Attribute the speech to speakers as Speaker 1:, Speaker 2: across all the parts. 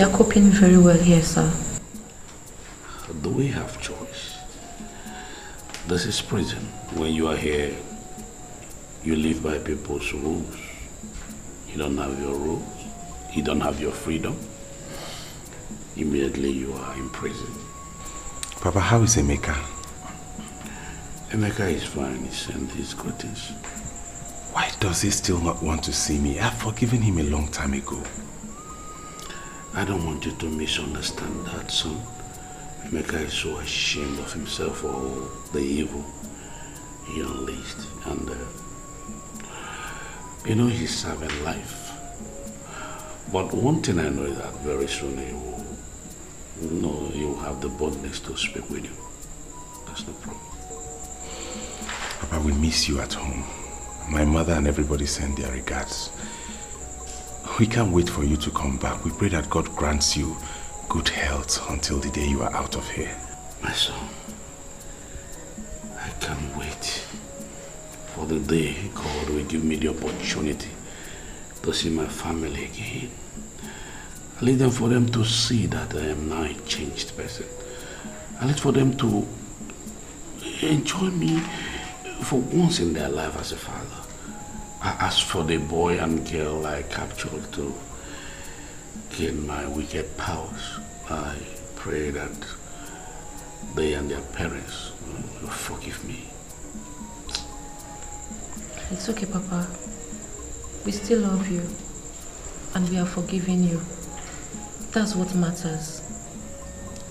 Speaker 1: we are
Speaker 2: coping very well here, sir.
Speaker 3: Do we have choice? This is prison. When you are here, you live by people's rules. You don't have your rules. You don't have your freedom. Immediately you are in prison. Papa, how is Emeka? Emeka is fine. He sent his greetings. Why does he still not want to see me? I've forgiven him a long time ago. I don't want you to misunderstand that, son. Emeka is so ashamed of himself for all the evil he unleashed. And, uh, you know, he's serving life. But one thing I know is that very soon he will you will have the boldness to speak with you. That's no problem. Papa, we miss you at home. My mother and everybody send their regards. We can't wait for you to come back. We pray that God grants you good health until the day you are out of here. My son, I can't wait for the day God will give me the opportunity to see my family again. I need them for them to see that I am now a changed person. I need for them to enjoy me for once in their life as a father. As for the boy and girl I captured to gain my wicked powers, I pray that they and their parents will forgive me.
Speaker 4: It's okay, Papa.
Speaker 1: We still love you, and we are forgiving you. That's
Speaker 2: what matters.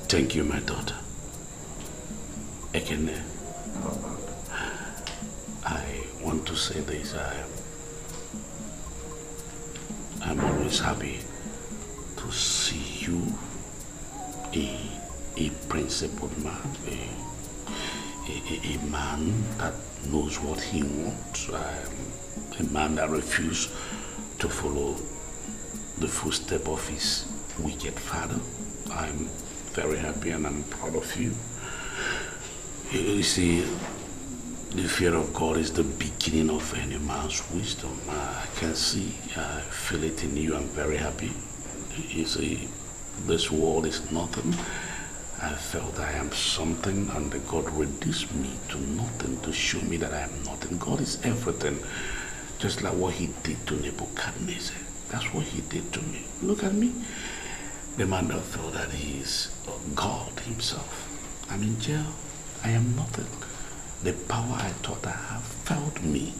Speaker 3: Thank you, my daughter. Ekene, I want to say this. I I'm always happy to see you, a, a principled man, a, a, a man that knows what he wants, um, a man that refuses to follow the footstep of his wicked father. I'm very happy and I'm proud of you. You see, the fear of God is the beginning of any man's wisdom. I can see, I feel it in you. I'm very happy. You see, this world is nothing. I felt I am something, and God reduced me to nothing to show me that I am nothing. God is everything, just like what He did to Nebuchadnezzar. That's what He did to me. Look at me. The man that felt that He is God Himself. I'm in jail. I am nothing. The power I thought I have failed me.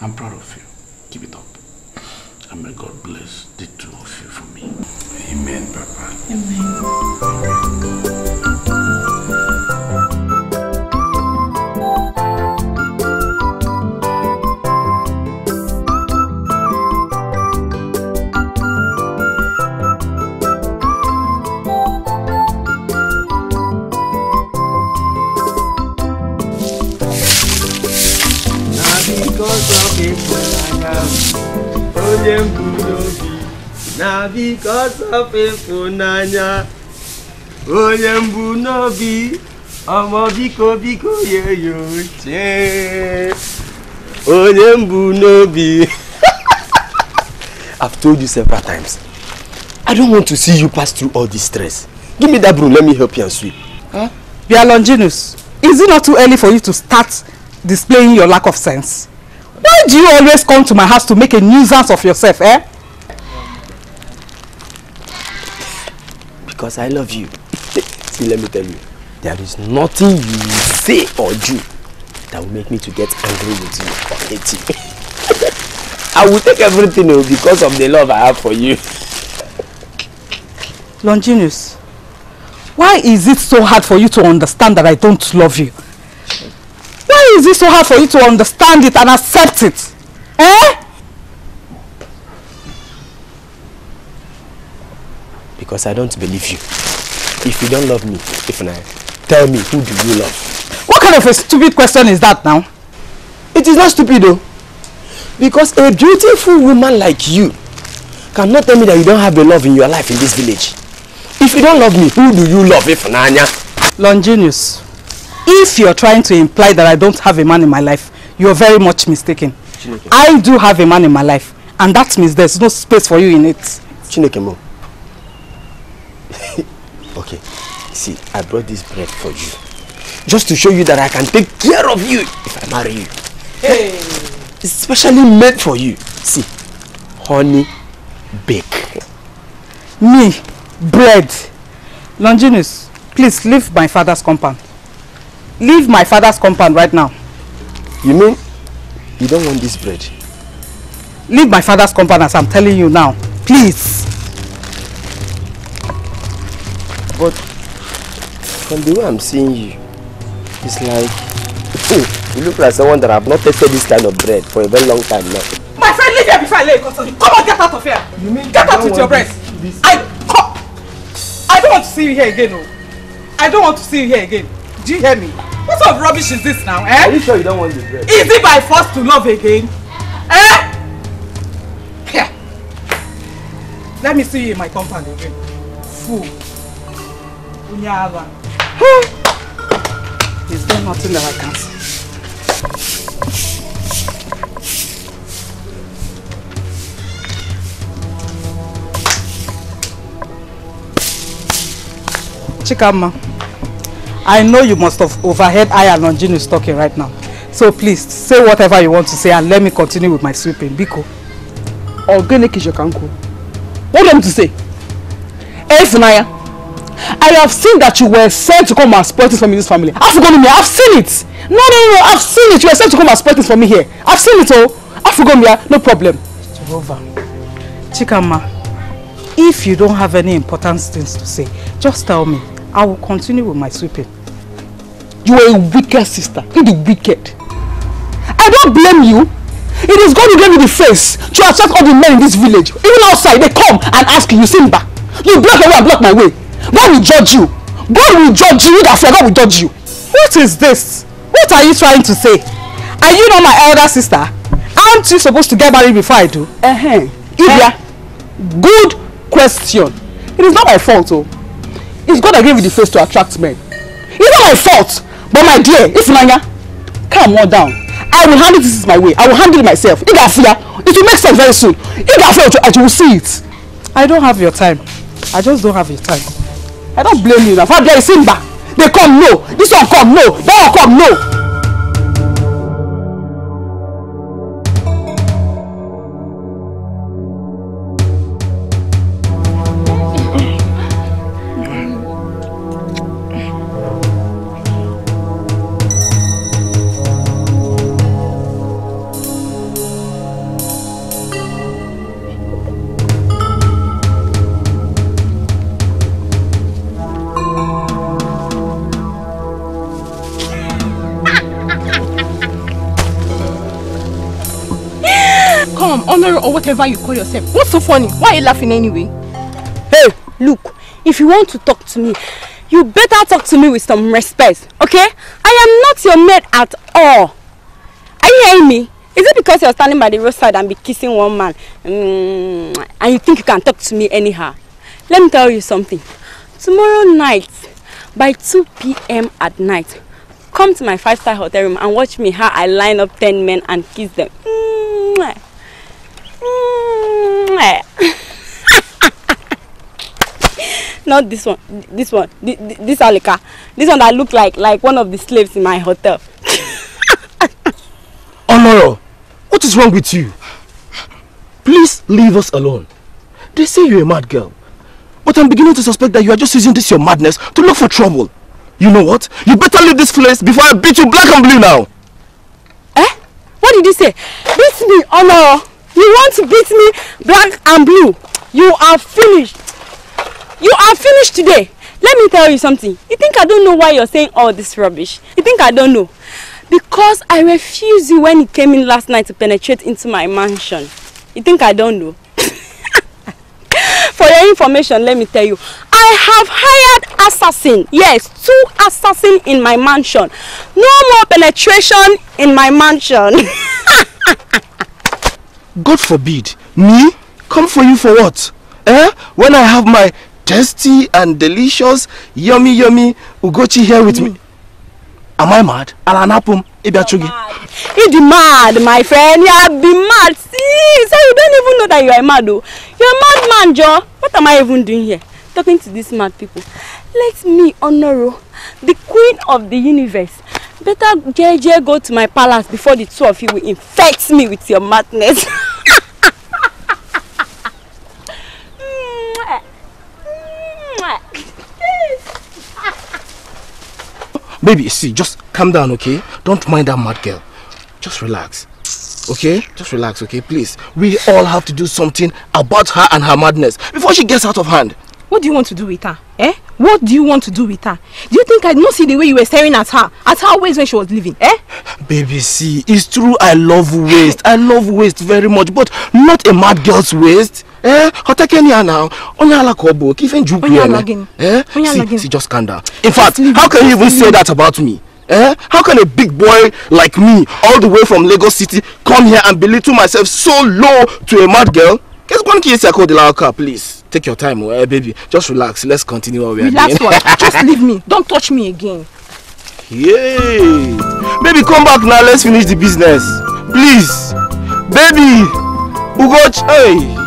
Speaker 3: I'm proud of you. Keep it up. And may God bless the two of you for me. Amen, Papa. Amen. Amen. dem good obi na because of ịfụnanya onye mbụ n'obi ọmọ biko biko yeyo chee onye mbụ n'obi I've told you several times I don't want to see you pass through all this stress give me that broom let me help you and sweep huh? Bia is
Speaker 2: it not too early for you to start displaying your lack of sense Why do you always come to my house to make a nuisance of yourself, eh?
Speaker 3: Because I love you. See, let me tell you. There is
Speaker 2: nothing you
Speaker 3: say or do that will make me to get angry with you or hate you. I will take everything oh, because of the love I have for you.
Speaker 2: Longinus, why is it so hard for you to understand that I don't love you? Why is it so hard for you to understand it and accept it? Eh?
Speaker 3: Because I don't believe you. If you don't love me, Ifunaya, tell me who do you love?
Speaker 2: What kind of a stupid question is that now? It is not stupid though. Because a beautiful woman like you cannot tell me that you don't have a love in your life in this village. If you don't love me, who do you love, Ifunanya? Longinus. if you're trying to imply that I don't have a man in my life, you're very much mistaken. Chineke. I do have a man in my life, and that means there's no space for you in it. Chineke Mo.
Speaker 3: okay, see, I brought this bread for you.
Speaker 2: Just to show you that I can take care of you if I marry you. Hey. It's specially made for you. See, honey bake. Me, bread. Longinus, please leave my father's compound. leave my father's compound right now. You mean you don't want this bread? Leave my father's compound as I'm telling you now. Please. But from the way I'm seeing you, it's like, oh, you look like someone that I've not tasted this kind of bread for a very long time now. My friend, leave here before I lay a Come on, get out of here. You mean get out with your bread. This, this I, I don't want to see you here again. Oh. I don't want to see you here again. Do you hear me? What sort of rubbish is this now, eh? Are you sure you don't want this? bread? Is it by force to love again? Eh? Here. Let me see you in my compound again. Fool. Unyala. Is there nothing that I can say? Chikama. I know you must have overheard I and Longin is talking right now. So please, say whatever you want to say and let me continue with my sweeping. Biko. Organic is your kanko. What do am to say? Efunaya, I have seen that you were sent to come and spoil things for me in this family. I've forgotten me. I've seen it. No, no, no, I've seen it. You were sent to come and spoil things for me here. I've seen it oh. all. I've forgotten me. Ah, no problem. Jehovah. Chikama, if you don't have any important things to say, just tell me. I will continue with my sweeping. You are a wicked sister. You the wicked. I don't blame you. It is God who gave you the face to attract all the men in this village. Even outside, they come and ask you, Simba, you block your way, I block my way. God will judge you. God will judge you. You that fear, God will judge you. What is this? What are you trying to say? Are you not my elder sister? Aren't you supposed to get married before I do? Uh-huh. Ibia, uh-huh. good question. It is not my fault, oh. It's God that gave you the face to attract men. It's not my fault. But my dear, Isimanya, calm on down. I will handle this my way. I will handle it myself. It will make sense very soon. It as you will see it. I don't have your time. I just don't have your time. I don't blame you. Now, Father, Simba. They come, no. This one come, no. That one come, no. or whatever you call yourself. What's so funny? Why are you laughing anyway? Hey, look, if you want to talk to me, you better talk to me with some respect, okay? I am not your maid at all. Are you hearing me? Is it because you're standing by the roadside and be kissing one man mm, and you think you can talk to me anyhow? Let me tell you
Speaker 1: something. Tomorrow night, by 2 p.m. at night, come to my five-star hotel room and watch me how I line up 10 men and kiss them. Mm. Mm, eh. Not this one. This one. This, Alika. This one that looked like like one of the slaves in
Speaker 2: my hotel. Honoro, what is wrong with you? Please leave us alone. They say you're a mad girl. But I'm beginning to suspect that you are just using this your madness to look for trouble. You know what? You better leave this place before I beat you black and blue now. Eh? What did you say? Beat me, Honoro. You want to beat me black and blue. You are finished. You are finished today. Let me tell you something. You think I don't know why you're saying all this rubbish? You think I don't know? Because I refused you when you came in last night to penetrate into my mansion. You think I don't know? For your information, let me tell you. I have hired assassin. Yes, two assassin in my mansion. No more penetration in my mansion. God forbid. Me? Come for you for what? Eh? When I have my tasty and delicious, yummy, yummy Ugochi here with mm. me. Am I mad? Alanapum, Ibiachugi. You be mad, my friend. You have been mad. See, so you don't even know that you are mad, though. You're a madman, Joe. What am I even doing here? Talking to these mad people. Let me honor the queen of the universe Better JJ go to my palace before the two of you will infect me with your madness. Baby, see, just calm down, okay? Don't mind that mad girl. Just relax, okay? Just relax, okay? Please, we all have to do something about her and her madness before she gets out of hand. What do you want to do with her? Eh? What do you want to do with her? Do you think I did not see the way you were staring at her? At her waist when she was leaving? Eh? Baby, see, it's true I love waist. I love waist very much, but not a mad girl's waist. Eh? Hotakeni now. Onyala kobo, even juku. Onyala again. Eh? eh? Onyala again. See, just calm down. In fact, how can you even say that about me? Eh?
Speaker 3: How can a big boy like me, all the way from Lagos City, come here and belittle myself so low to a mad girl? Kes kwan ki yesi akodi la please take your time eh, baby just relax let's continue what we are relax doing relax
Speaker 2: just leave me don't touch me again
Speaker 3: yay baby come back now let's finish the business please baby ugoch hey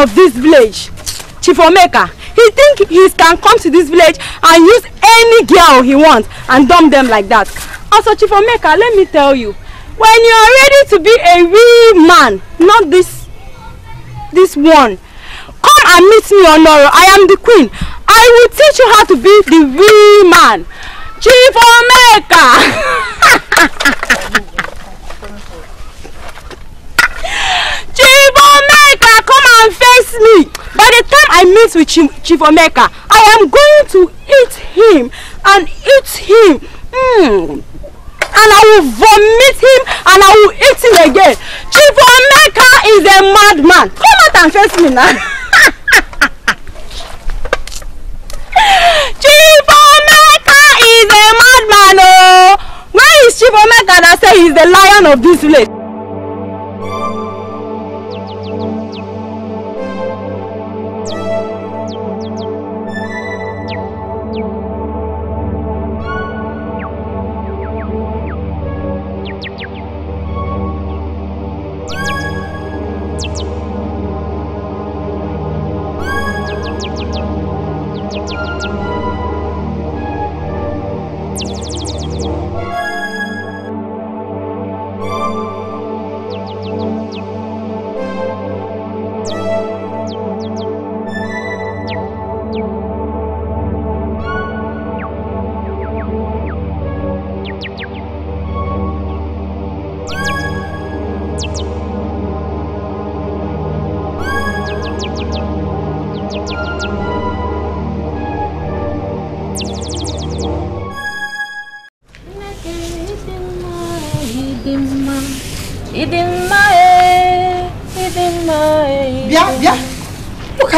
Speaker 2: of this village chief omeka he think he can come to this village and use any girl he wants and dump them like that as for chief omeka let me tell you when you are ready to be a real man not this this one come and meet me onoro i am the queen i will teach you how to be the real man chief omeka. Chief Omeka. I am going to eat him and eat him. Mm. And I will vomit him and I will eat him again. Chief Omeka is a madman. Come out and face me now. Chief Omeka is a madman. Oh. Where is Chief Omeka that says he's the lion of this village?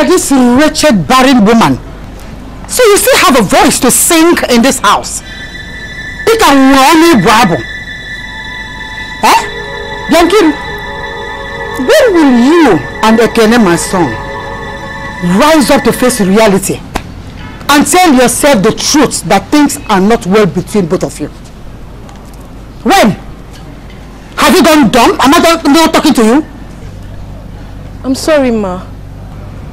Speaker 5: are this wretched barren woman. So
Speaker 2: you still have a voice to sing in this house. It can only ịbụ Eh? Biankiru, when will you
Speaker 5: and Ekene, my son, rise up to face reality and tell yourself the truth that things are not well between both of you?
Speaker 2: When? Have you gone dumb? Am I not talking to you? I'm sorry, Ma.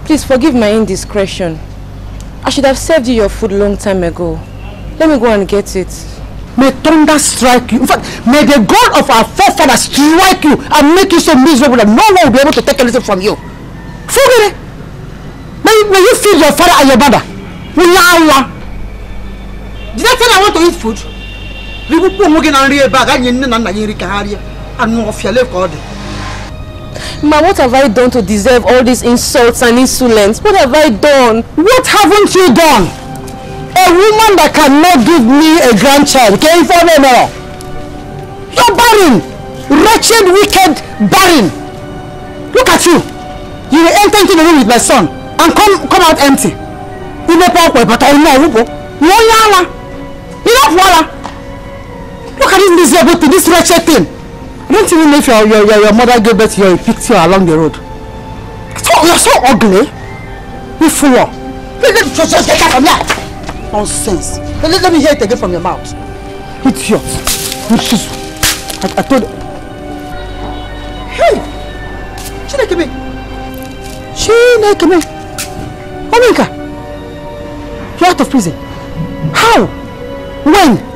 Speaker 2: Please forgive my indiscretion. I should have served you your food long time ago. Let me go and get it. May thunder strike you. In fact, may the God of our forefathers strike you and make you so miserable that no one will be able to take anything
Speaker 5: from you. Forget it. May, may you feed your father and your mother. Did I tell you I want to eat food? We will put na nri ebe bag. ga nye know na you gị nri ka ha rie anụ ọfịa leka ọ dị
Speaker 2: Ma, what have I done to deserve all these insults and insolence? What have I done? What haven't you done? A woman that cannot give me a grandchild, can you follow me now?
Speaker 5: You're barren! Wretched, wicked, barren! Look at you!
Speaker 2: You will enter into the room with my son and come come out empty. You know, but I know, you know, you know, look at this miserable thing, this wretched thing. don't even know if your, your, your, your mother gave birth to you, you picked you along the road.
Speaker 5: So, you're so ugly. You fool. You let, just, just get out from here. Nonsense. Let, me hear it again from your mouth. Idiot. Witches. I, I told you.
Speaker 2: Hey! Chinekeme. Chinekeme. Omega. You're out of prison. How? When?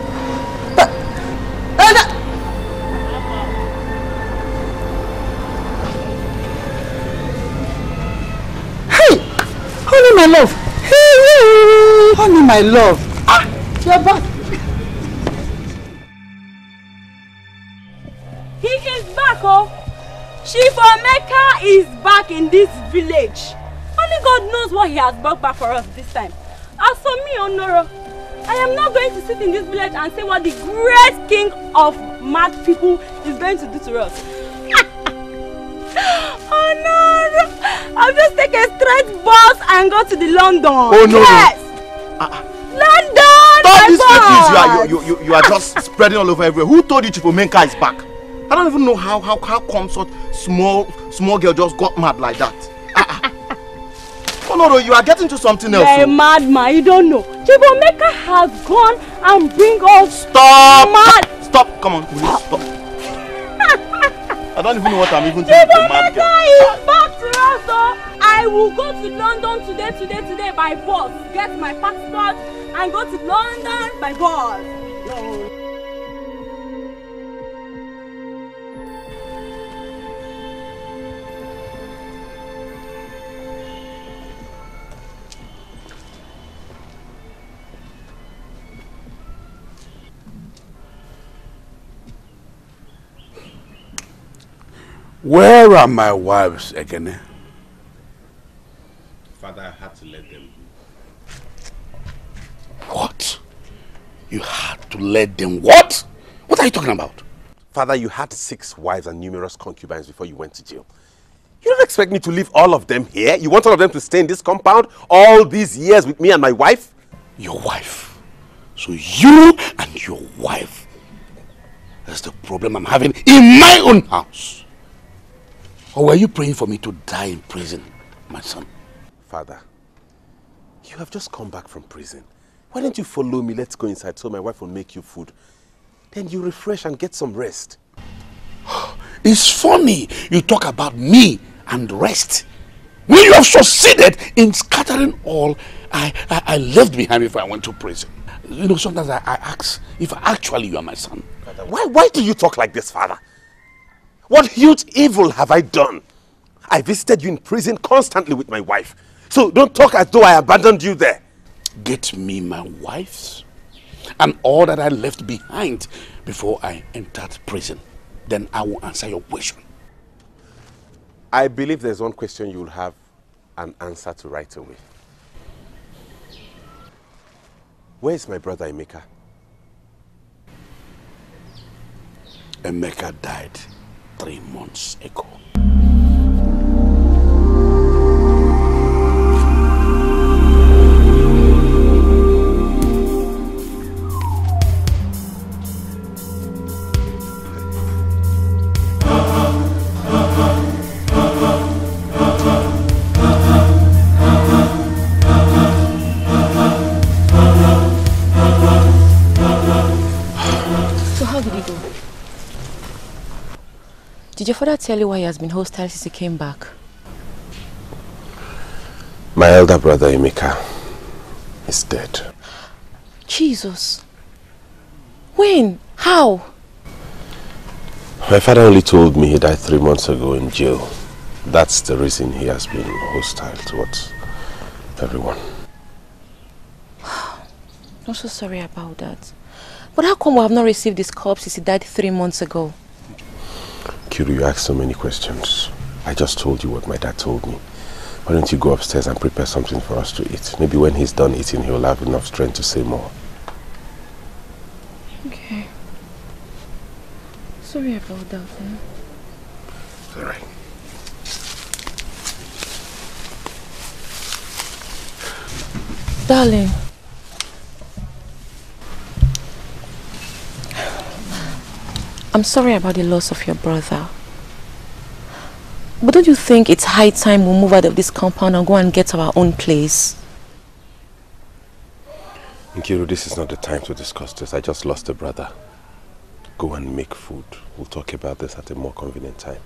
Speaker 5: my love. Ah!
Speaker 2: You're back. He is back, oh. Chief Omeka is back in this village. Only God knows what he has brought back for us this time. As for me, Honoro, I am not going to sit in this village and say what the great king of mad people is going to do to us. no! I'll just take a straight bus and go to the London. Oh, yes. No.
Speaker 3: Ah, ah. London! Stop these fake news you are, you, you, you are just spreading all over everywhere. Who told you Chipomenka is back? I don't even know how how how come such small small girl just got mad
Speaker 2: like that. Ah, oh no, no, you are getting to something else. You're a oh. madman. You don't know. Chibomeka has gone and bring all stop mad.
Speaker 3: Stop! Come on, will stop? I don't even know what I'm even thinking. Chibomaker
Speaker 2: is back serious though. I will go to London today, today, today by bus. Get my passport and go to London by bus. No.
Speaker 3: Where are my wives again? Father, I had to let them go. What? You had to let them what? What are you talking about? Father, you had six wives and numerous concubines before you went to jail. You don't expect me to leave all of them here? You want all of them to stay in this compound all these years with me and my wife? Your wife. So you and your wife. That's the problem I'm having in my own house. Or were you praying for me to die in prison, my son? Father, you have just come back from prison. Why don't you follow me? Let's go inside so my wife will make you food. Then you refresh and get some rest. It's funny you talk about me and rest. When you have succeeded in scattering all I, I, I left behind if I went to prison. You know, sometimes I, I ask if actually you are my son. Father, why, why do you talk like this, father? What huge evil have I done? I visited you in prison constantly with my wife. So don't talk as though I abandoned you there. Get me my wife's and all that I left behind before I entered prison. Then I will answer your question. I believe there's one question you'll have an answer to right away. Where is my brother Emeka? Emeka died three months ago.
Speaker 2: Did your father tell you why he has been hostile since he came back?
Speaker 3: My elder brother Emeka is dead.
Speaker 2: Jesus. When? How?
Speaker 3: My father only told me he died three months ago in jail. That's the reason he has been hostile towards everyone.
Speaker 2: I'm so sorry about that. But how come we have not received this corpse since he died three months ago?
Speaker 3: Kiru, you asked so many questions. I just told you what my dad told me. Why don't you go upstairs and prepare something for us to eat? Maybe when he's done eating, he'll have enough strength to say more.
Speaker 2: Okay. Sorry about that. Eh? It's alright. Darling. I'm sorry about the loss of your brother. But don't you think it's high time we move out of this compound and go and get our own place?
Speaker 3: Nkiru, this is not the time to discuss this. I just lost a brother. Go and make food. We'll talk about this at a more convenient time.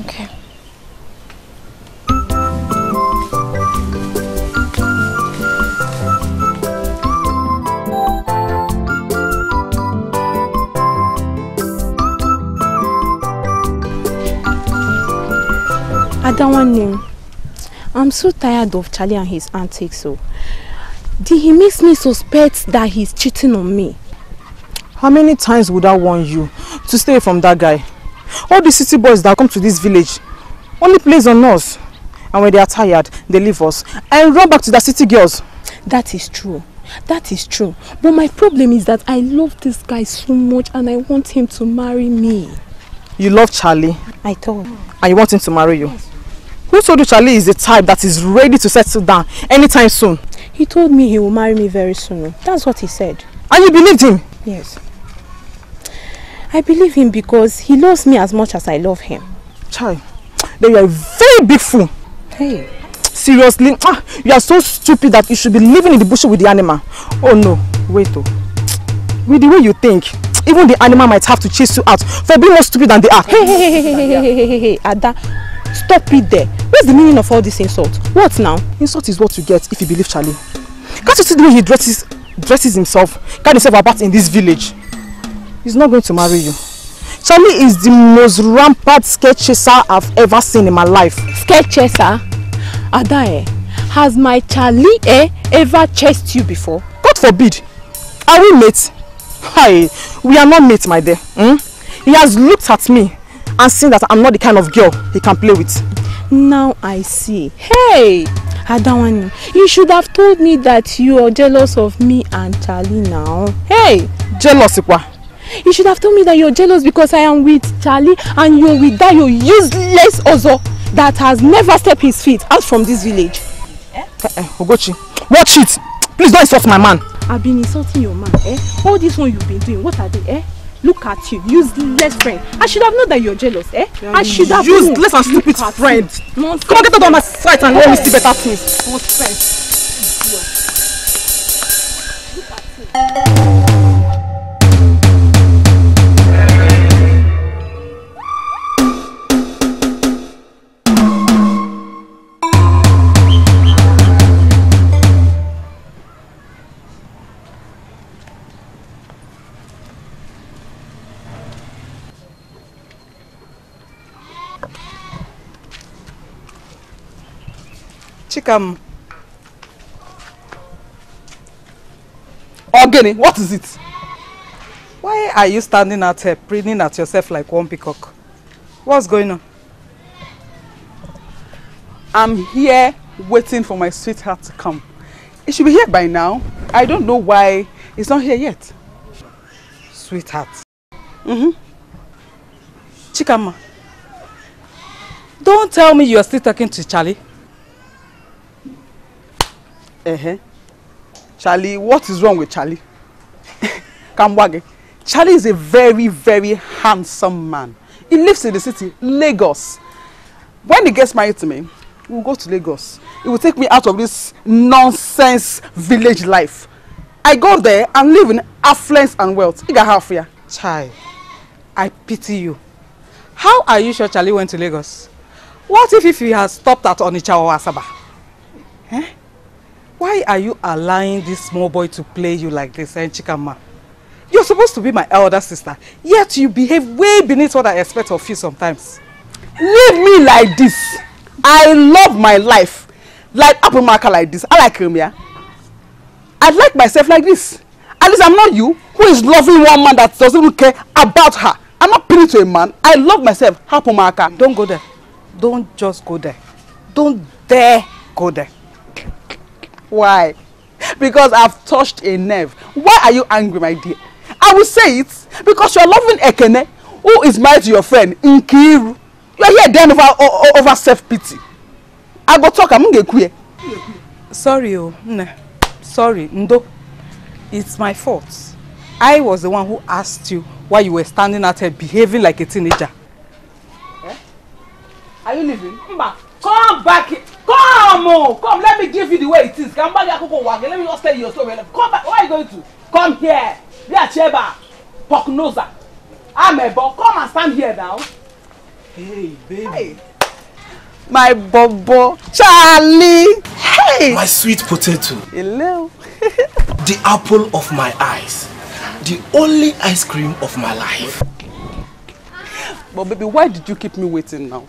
Speaker 2: Okay. I'm so tired of Charlie and his antics. So, oh. did he makes me suspect that he's cheating on me? How many times would I warn you to stay from that guy? All the city boys that come to this village only plays on us. And when they are tired, they leave us and run back to the city girls. That is true. That is true. But my problem is that I love this guy so much and I want him to marry me. You love Charlie? I told. And you want him to marry you? Yes. Who told you Charlie is the type that is ready to settle down anytime soon? He told me he will marry me very soon. That's what he said. And you believed him? Yes. I believe him because he loves me as much as I love him. Charlie, then you are a very big fool. Hey. Seriously, ah, you are so stupid that you should be living in the bush with the animal. Oh no, wait oh. With the way you think, even the animal might have to chase you out for being more stupid than they are. Hey, hey, hey, hey, hey, hey, hey, hey, hey, Ada. Stop it there. What's the meaning of all this insult? What now? Insult is what you get if you believe Charlie. Can't you see the way he dresses, dresses himself, carries himself about in this village? He's not going to marry you. Charlie is the most rampant sketch chaser I've ever seen in my life. Sketch chaser? Adae, eh, has my Charlie eh, ever chased you before? God forbid. Are we mates? Hi, we are not mates, my dear. Hmm? He has looked at me and seeing that I'm not the kind of girl he can play with. Now I see. Hey, Adawani, you should have told me that you are jealous of me and Charlie now. Hey! Jealous, Ikwa? You should have told me that you're jealous because I am with Charlie and you're with that your useless Ozo that has never stepped his feet out from this village. Eh? Uh, uh, Ogochi, watch it! Please don't insult my man. I've been insulting your man, eh? All this one you've been doing, what are they, eh? Look at you, useless friend. I should have known that you're jealous, eh? I should have known. Useless and stupid friend. Come on, get out of my sight and let me see better things. Nonsense. Look scam. Ogini, what is it? Why are you standing out here preening at yourself like one peacock? What's going on? I'm here waiting for my sweetheart to come. It should be here by now. I don't know why it's not here yet. Sweetheart. Mm-hmm. Chikama. Don't tell me you're still talking to Charlie. Uh-huh. Charlie, what is wrong with Charlie? Kamwage. Charlie is a very, very handsome man. He lives in the city, Lagos. When he gets married to me, we'll go to Lagos. It will take me out of this nonsense village life. I go there and live in affluence and wealth. Iga half here. Chai, I pity you. How are you sure Charlie went to Lagos? What if, if he has stopped at Onitsha or Asaba? Eh? Why are you allowing this small boy to play you like this, eh, Chikama? You're supposed to be my elder sister, yet you behave way beneath what I expect of you sometimes. Leave me like this. I love my life. Like apple marker like this. I like him, yeah? I like myself like this. At least I'm not you who is loving one man that doesn't care about her. I'm not pinning to a man. I love myself. Apple marker. Don't go there. Don't just go there. Don't dare go there. Why? Because I've touched a nerve. Why are you angry, my dear? I will say it because you're loving Ekene, who is married to your friend, Nkiru. You're here then over, over self-pity. I go talk, I'm going to Sorry, oh, nah. Sorry, Ndo. It's my fault. I was the one who asked you why you were standing out here behaving like a teenager. Eh? Are you leaving? Mba, come back here. Come, oh, come, let me give you the way it is. Come back, Akoko Wage. Let me just tell you your story. Come back. Where are you going to? Come here. We are Cheba, Poknoza, boy. Come and stand here now. Hey, baby. Hey. My bobo, Charlie. Hey. My sweet potato. Hello. the apple of my eyes. The only ice cream of my life. But baby, why did you keep me waiting now?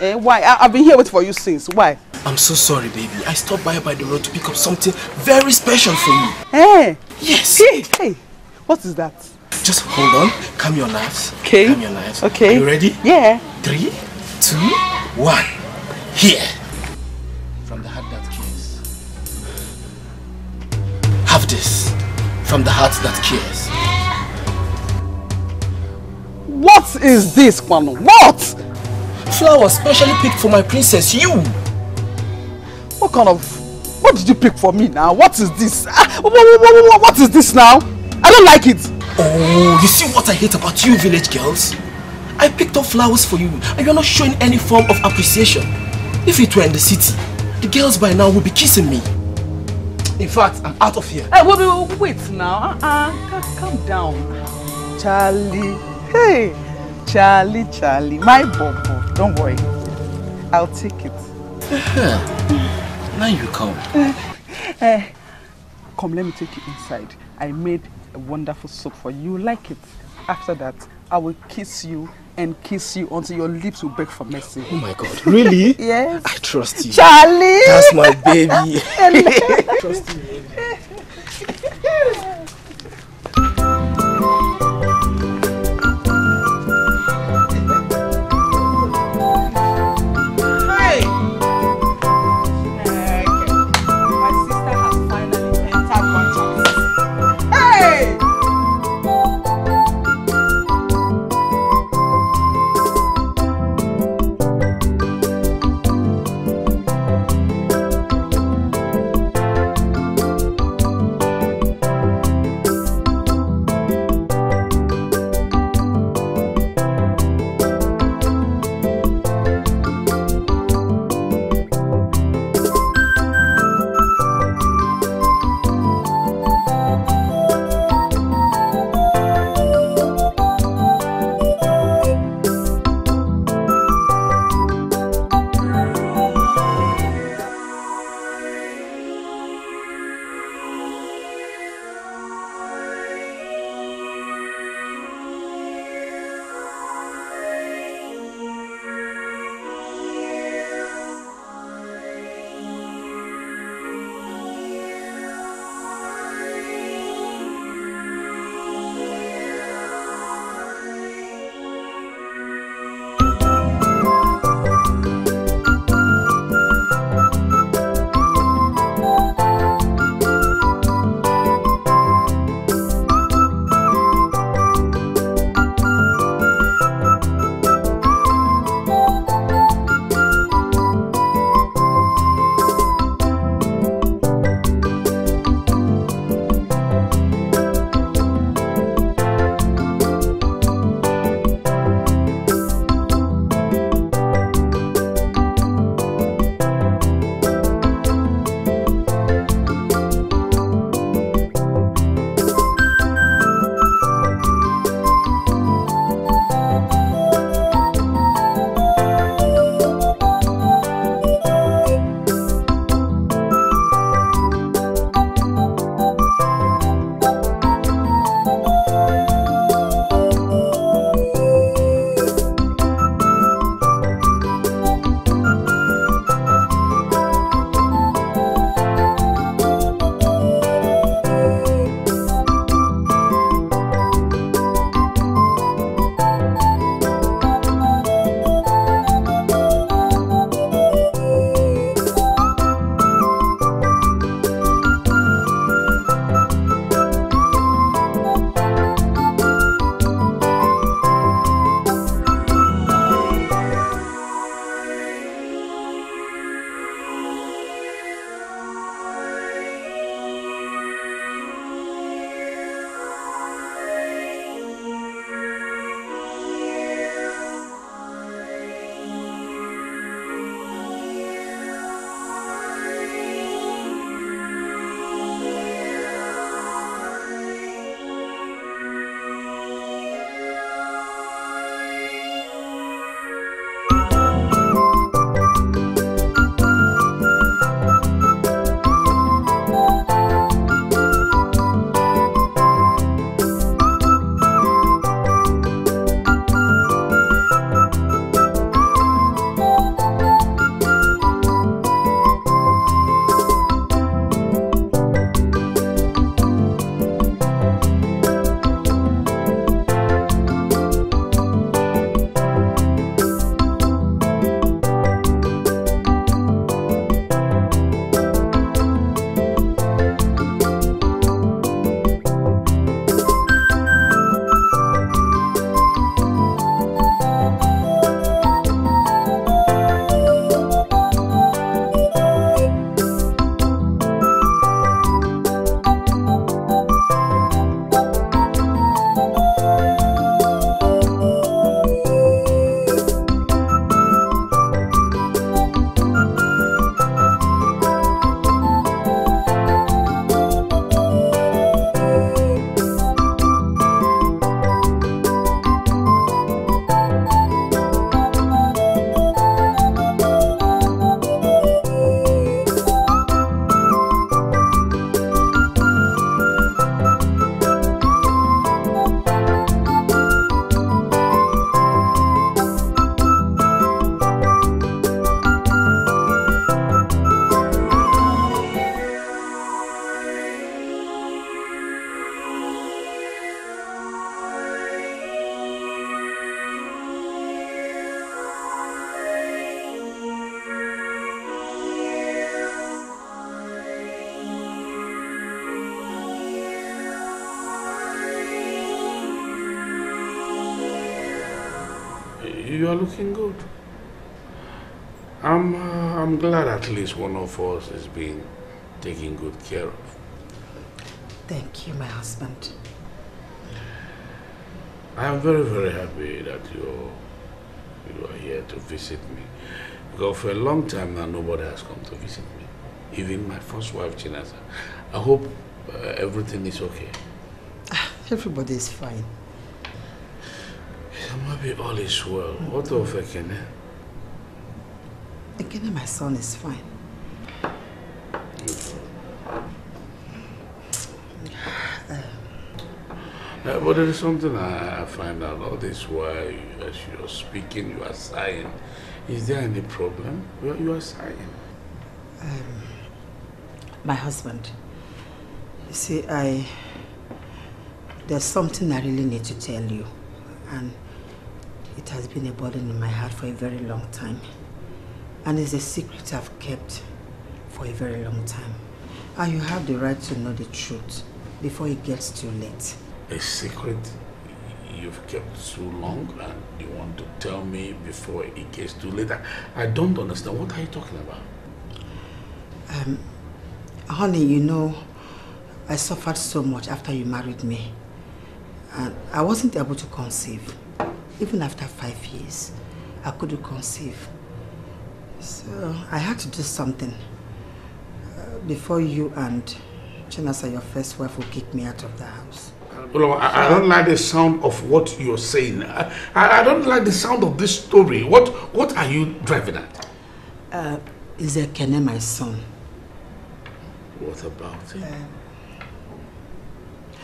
Speaker 2: Eh, why? I I've been here waiting for you since. Why?
Speaker 3: I'm so sorry, baby. I stopped by by the road to pick up something very special for you.
Speaker 2: Hey! Eh? Yes! Hey! Hey! What is that? Just hold on. Calm your nerves. Okay. Calm your nerves. Okay. Are you ready? Yeah. Three, two, one. Here.
Speaker 3: From the heart that cares. Have this. From the heart that cares.
Speaker 2: What is this, Kwano? What? Flower specially picked for my princess, you! What kind of... What did you pick for me now? What is this? What, ah, what, what, what is this now? I don't like it. Oh, you see what I hate about you village girls? I picked up flowers for you and you're not showing any form of appreciation. If it were in the city, the girls by now would be kissing me. In fact, I'm out of here. Hey, wait, wait now. Uh-uh. Calm down. Charlie. Hey. Charlie, Charlie. My bobo. Don't worry. I'll take it. Uh-huh. Now you come. Uh, come, let me take you inside. I made a wonderful soup for you. You like it. After that, I will kiss you and kiss you until your lips will beg for mercy. Oh my God, really? yes. I trust you. Charlie! That's my baby. trust you, baby.
Speaker 3: you are looking good. I'm, uh, I'm glad at least one of us is being taken good care of.
Speaker 5: Thank you, my husband.
Speaker 3: I am very, very happy that you're, you are here to visit me. Because for a long time now, nobody has come to visit me. Even my first wife, Chinasa. I hope uh, everything is okay.
Speaker 5: Ah, everybody is fine
Speaker 3: maybe be all is well. What of Ekene?
Speaker 5: Ekene, my son, is fine.
Speaker 3: Um, uh, but there is something I, I find out all this while you, as you're speaking, you are sighing. Is there any problem? Well, you are sighing.
Speaker 5: Um, my husband. You see, I... There's something I really need to tell you. And it has been a burden in my heart for a very long time. And it's a secret I've kept for a very long time. And you have the right to know the truth before it gets too late.
Speaker 3: A secret you've kept so long and you want to tell me before it gets too late? I, don't understand. What are you talking about?
Speaker 5: Um, honey, you know, I suffered so much after you married me. And I wasn't able to conceive. Even after five years, I couldn't conceive. So I had to do something uh, before you and Chinasa, your first wife, will kick me out of the house.
Speaker 3: Well, I, I, don't like the sound of what you're saying. I, I, don't like the sound of this story. What what are you driving at? Uh, is Ekene my son? What about him? Uh,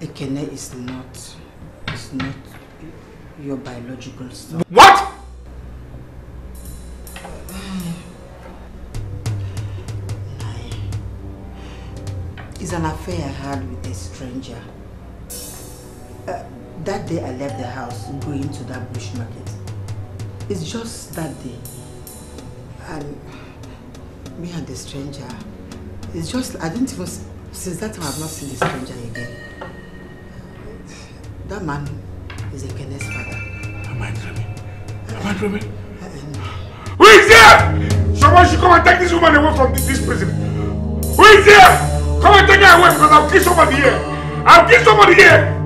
Speaker 5: Ekene is not is not your biological son. What? It's an affair I had with a stranger. Uh, that day I left the house going to that bush market. It's just that day. And me and the stranger, it's just, I didn't even, since that time I've not seen the stranger again. That man is Ekene's father. Am I dreaming?
Speaker 3: Uh, Am I dreaming? Uh, Who is here? Someone should come and take this woman away from this prison. Who is here? Come and take her away because I'll kill somebody here. I'll kill somebody here.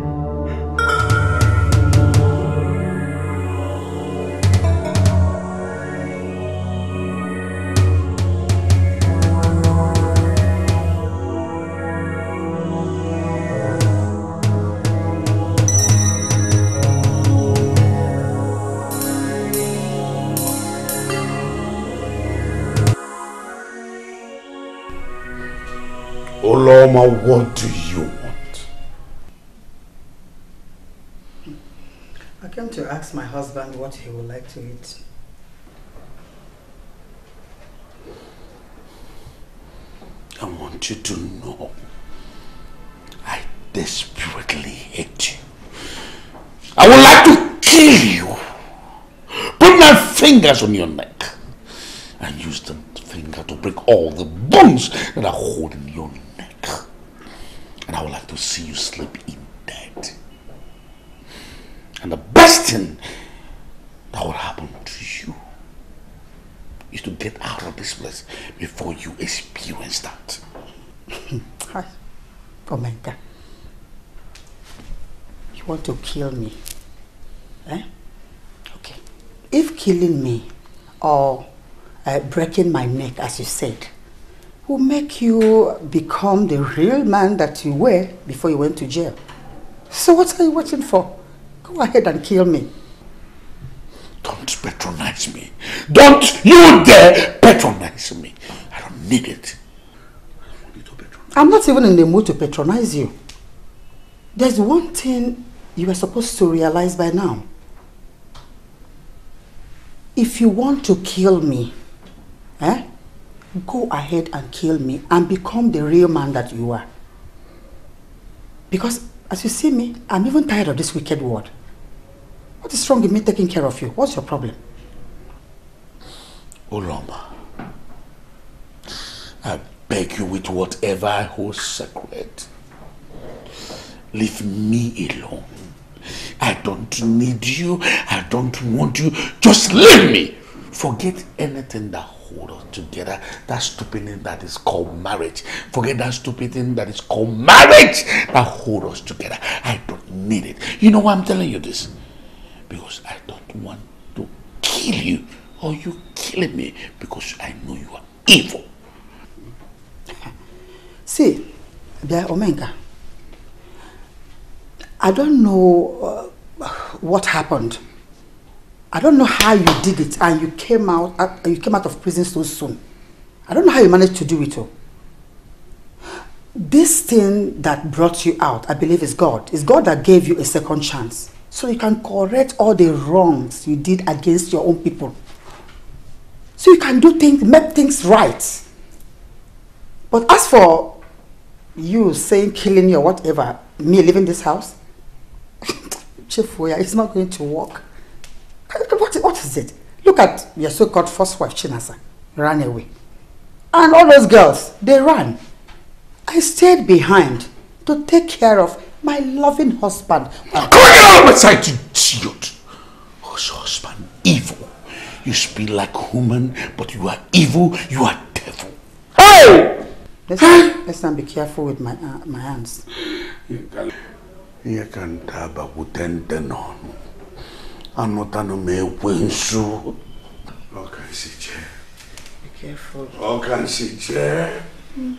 Speaker 3: Mama, what do you want?
Speaker 5: I came to ask my husband what he would like to eat.
Speaker 3: I want you to know I desperately hate you. I would like to kill you. Put my fingers on your neck and use the finger to break all the bones that are holding your neck. And I would like to see you sleep in that. And the best thing that will happen to you is to get out of this place before you experience that.
Speaker 5: Hi, Commander. You want to kill me? Eh? Okay. If killing me or uh, breaking my neck, as you said, who make you become the real man that you were before you went to jail. So what are you waiting for? Go ahead and kill me.
Speaker 3: Don't patronize me. Don't you dare patronize me. I don't need it.
Speaker 5: I'm not even in the mood to patronize you. There's one thing you are supposed to realize by now. If you want to kill me, eh, Go ahead and kill me and become the real man that you are. Because as you see me, I'm even tired of this wicked world. What is wrong with me taking care of you? What's your problem?
Speaker 3: Olamba, I beg you with whatever I hold sacred. Leave me alone. I don't need you. I don't want you. Just leave me. Forget anything that hold together. That stupid thing that is called marriage. Forget that stupid thing that is called marriage that hold us together. I don't need it. You know why I'm telling you this? Because I don't want to kill you or you killing me because I know you are evil.
Speaker 5: See, Bia Omega, I don't know uh, what happened I don't know how you did it and you came out uh, you came out of prison so soon. I don't know how you managed to do it all. Oh. This thing that brought you out, I believe is God. It's God that gave you a second chance. So you can correct all the wrongs you did against your own people. So you can do things, make things right. But as for you saying killing you or whatever, me leaving this house, Chief Foya, it's not going to work what is it? Look at your so-called first wife, Chinasa, ran away. And all those girls, they ran. I stayed behind to take care of my loving husband. Come here,
Speaker 3: my side, idiot! Whose husband? Evil. You speak like human, but you are evil, you are devil.
Speaker 5: Hey! Let's, let's not be careful with my, uh, my hands. You can...
Speaker 3: not have taba within the another may win so. All can see chair. Be careful. All can see chair. Mm.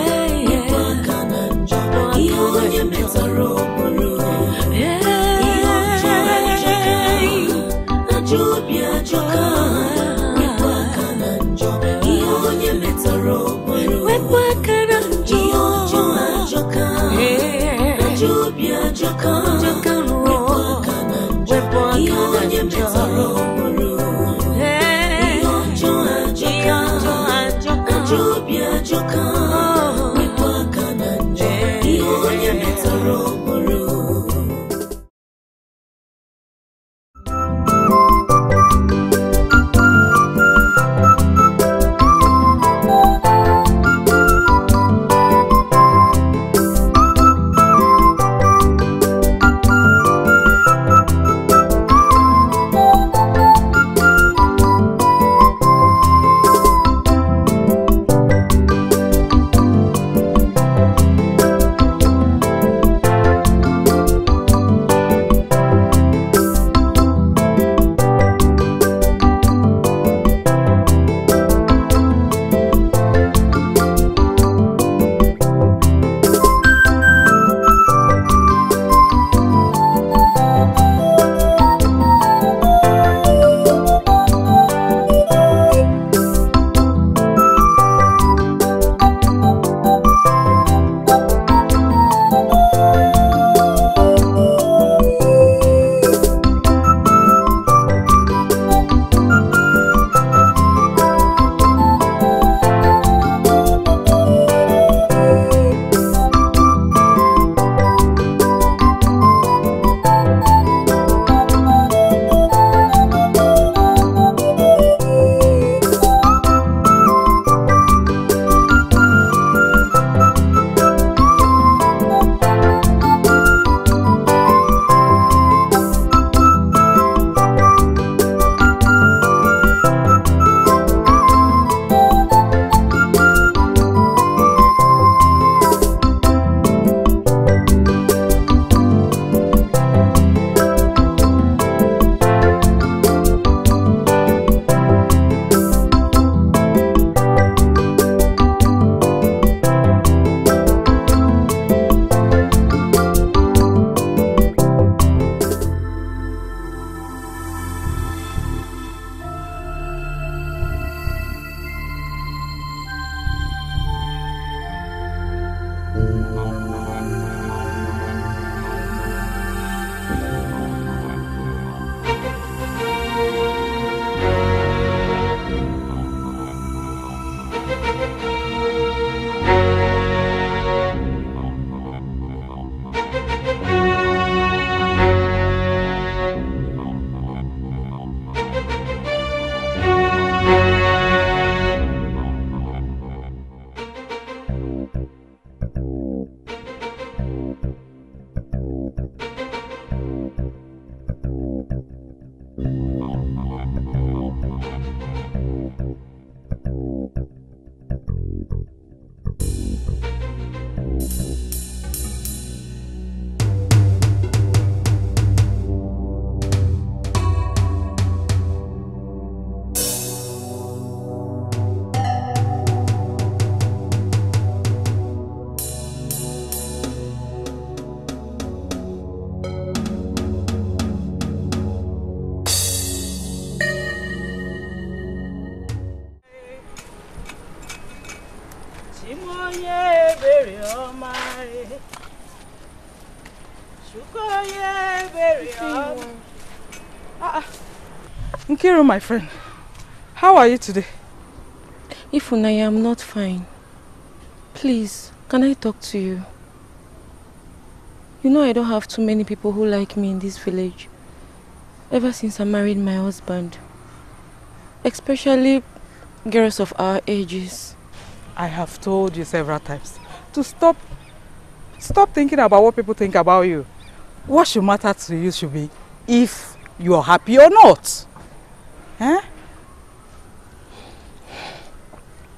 Speaker 4: gone.
Speaker 2: Hello, my friend. How are you today? Ifunaya, I'm not fine. Please, can I talk to you? You know I don't have too many people who like me in this village. Ever since I married my husband. Especially girls of our ages. I have told you several times to stop stop thinking about what people think about you. What should matter to you should be if you are happy or not. Huh?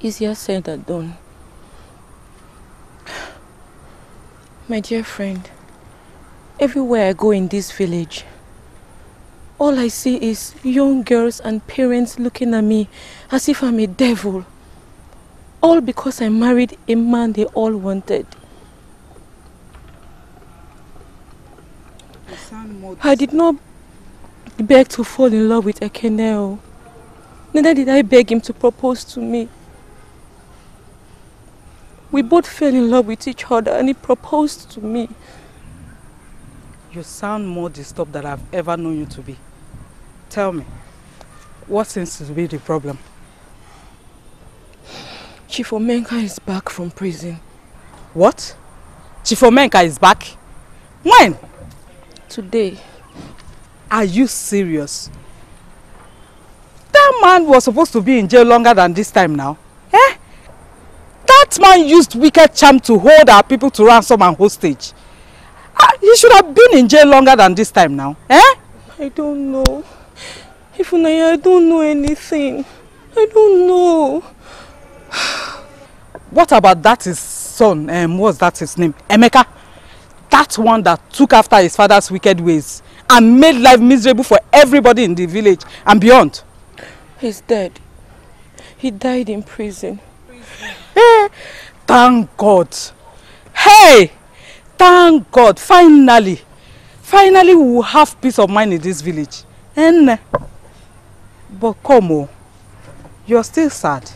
Speaker 2: Easier said than done. My dear friend, everywhere I go in this village, all I see is young girls and parents looking at me as if I'm a devil. All because I married a man they all wanted. I did not he begged to fall in love with Ekeneo. Neither did I beg him to propose to me. We both fell in love with each other and he proposed to me. You sound more disturbed than I've ever known you to be. Tell me, what seems to be the problem? Chief Omenka is back from prison. What? Chief Omenka is back? When? Today. Are you serious? That man was supposed to be in jail longer than this time now. Eh? That man used wicked charm to hold our people to ransom and hostage. Uh, he should have been in jail longer than this time now. Eh? I don't know. Ifunaya, I don't know anything. I don't know. what about that his son? Um, what's that his name? Emeka? That one that took after his father's wicked ways. and made life miserable for everybody in the village and beyond. He's dead. He died in prison. prison. Eh, thank God. Hey! Thank God. Finally. Finally, we will have peace of mind in this village. And, but come You're still sad.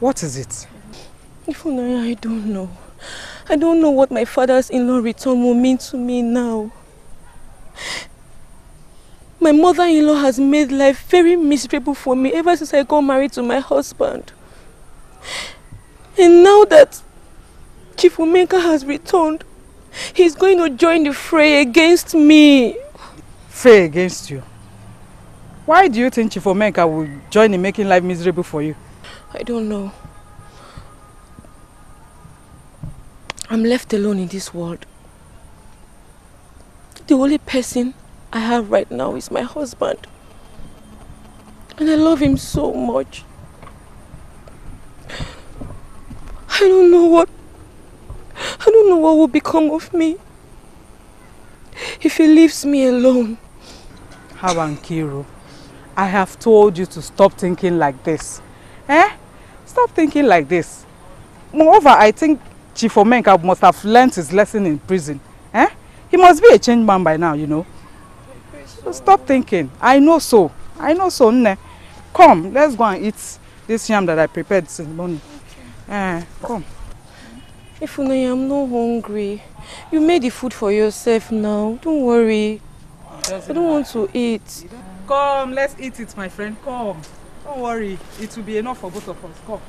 Speaker 2: What is it? Ifunanya, I don't know. I don't know what my father's in-law return will mean to me now. My mother-in-law has made life very miserable for me ever since I got married to my husband. And now that Chief Omeka has returned, he's going to join the fray against me. Fray against you? Why do you think Chief Omeka will join in making life miserable for you? I don't know. I'm left alone in this world. The only person I have right now is my husband. And I love him so much. I don't know what... I don't know what will become of me. If he leaves me alone. Habankiru, I have told you to stop thinking like this. Eh? Stop thinking like this. Moreover, I think Chief Omenka must have learned his lesson in prison. He must be a changed man by now, you know. So stop thinking. I know so. I know so, Ne, Come, let's go and eat this yam that I prepared since morning. Okay. Uh, eh, come. Ifune, I'm not hungry. You made the food for yourself now. Don't worry. I don't want to eat. Come, let's eat it, my friend. Come. Don't worry. It will be enough for both of us. Come.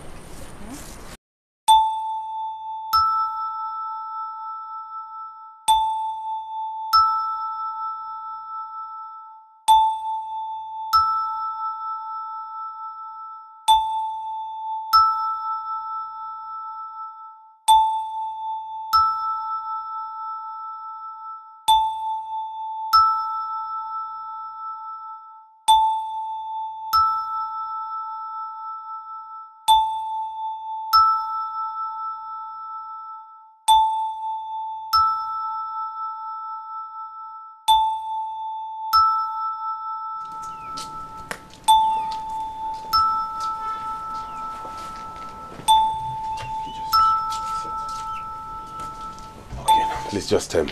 Speaker 3: just um,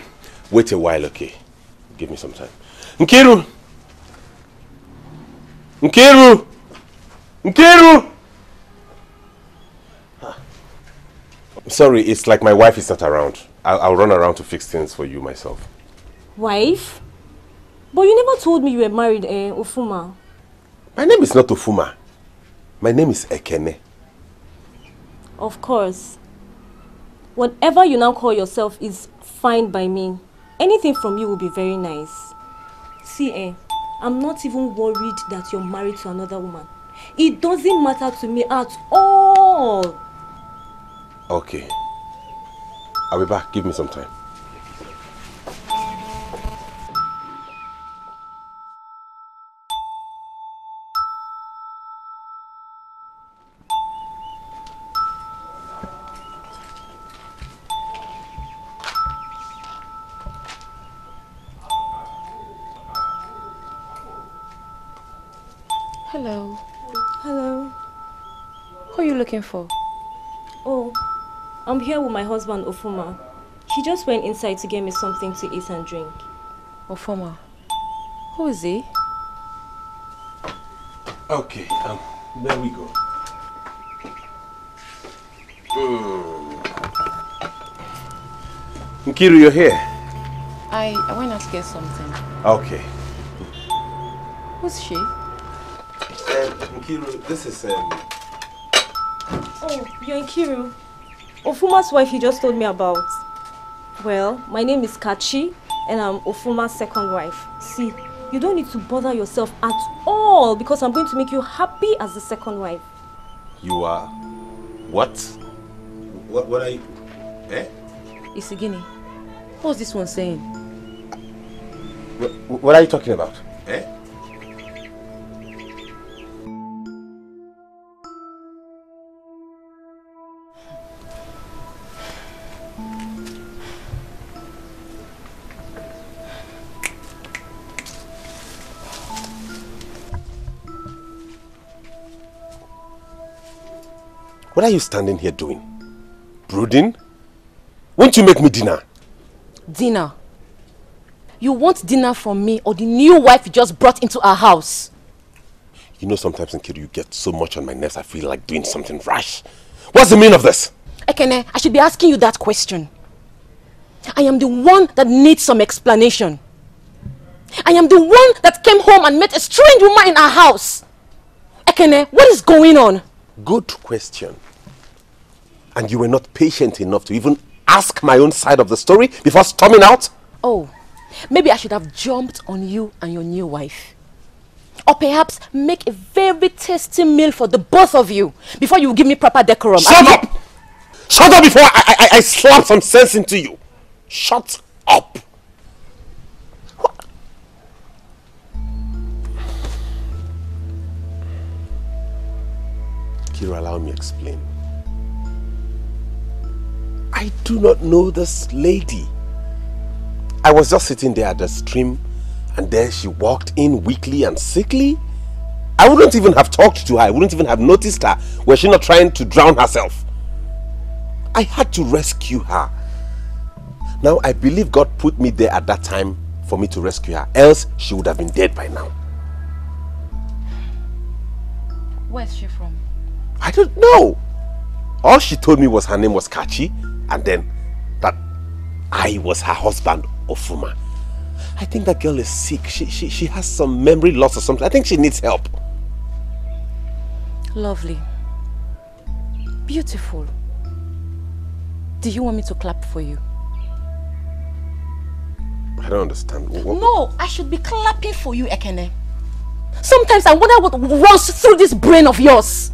Speaker 3: wait a while, okay? Give me some time. Nkiru! Nkiru! Nkiru! Sorry, it's like my wife is not around. I'll, I'll run around to fix things for you myself.
Speaker 1: Wife? But you never told me you were married, eh, Ofuma.
Speaker 3: My name is not Ofuma. My name is Ekene.
Speaker 1: Of course. Whatever you now call yourself is Fine by me. Anything from you will be very nice. See, eh, I'm not even worried that you're married to another woman. It doesn't matter to me at all.
Speaker 3: Okay. I'll be back. Give me some time.
Speaker 1: looking for? Oh, I'm here with my husband Ofuma. He just went inside to get me something to eat and drink.
Speaker 2: Ofuma? Who is he?
Speaker 3: Okay, um, there we go. Mm. Nkiru, you're here?
Speaker 2: I, I went out to get something. Okay. Who's she? Um,
Speaker 3: Nkiru, this is um,
Speaker 1: Oh, you're in Kiru. Ofuma's wife you just told me about. Well, my name is Kachi and I'm Ofuma's second wife. See, you don't need to bother yourself at all because I'm going to make you happy as the second wife.
Speaker 3: You are... what? What, what are you... eh?
Speaker 2: Isigini, what's this one saying?
Speaker 3: What, what are you talking about? Eh? What are you standing here doing? Brooding? Won't you make me dinner?
Speaker 2: Dinner? You want dinner from me or the new wife you just brought into our house?
Speaker 3: You know sometimes, Nkiru, you get so much on my nerves I feel like doing something rash. What's the meaning of this?
Speaker 2: Ekene, I should be asking you that question. I am the one that needs some explanation. I am the one that came home and met a strange woman in our house. Ekene, what is going on?
Speaker 3: Good question. And you were not patient enough to even ask my own side of the story before storming out?
Speaker 2: Oh, maybe I should have jumped on you and your new wife. Or perhaps make a very tasty meal for the both of you before you give me proper decorum. Shut
Speaker 3: up! Shut up before I, I, I slap some sense into you. Shut up. Kira, allow me explain. I do not know this lady. I was just sitting there at the stream and there she walked in weakly and sickly. I wouldn't even have talked to her. I wouldn't even have noticed her were she not trying to drown herself. I had to rescue her. Now, I believe God put me there at that time for me to rescue her. Else, she would have been dead by now.
Speaker 2: Where's she from?
Speaker 3: I don't know. All she told me was her name was Kachi and then that I was her husband, Ofuma. I think that girl is sick. She, she, she has some memory loss or something. I think she needs help.
Speaker 2: Lovely. Beautiful. Do you want me to clap for you?
Speaker 3: I don't understand. What?
Speaker 2: No, I should be clapping for you, Ekene. Sometimes I wonder what runs through this brain of yours.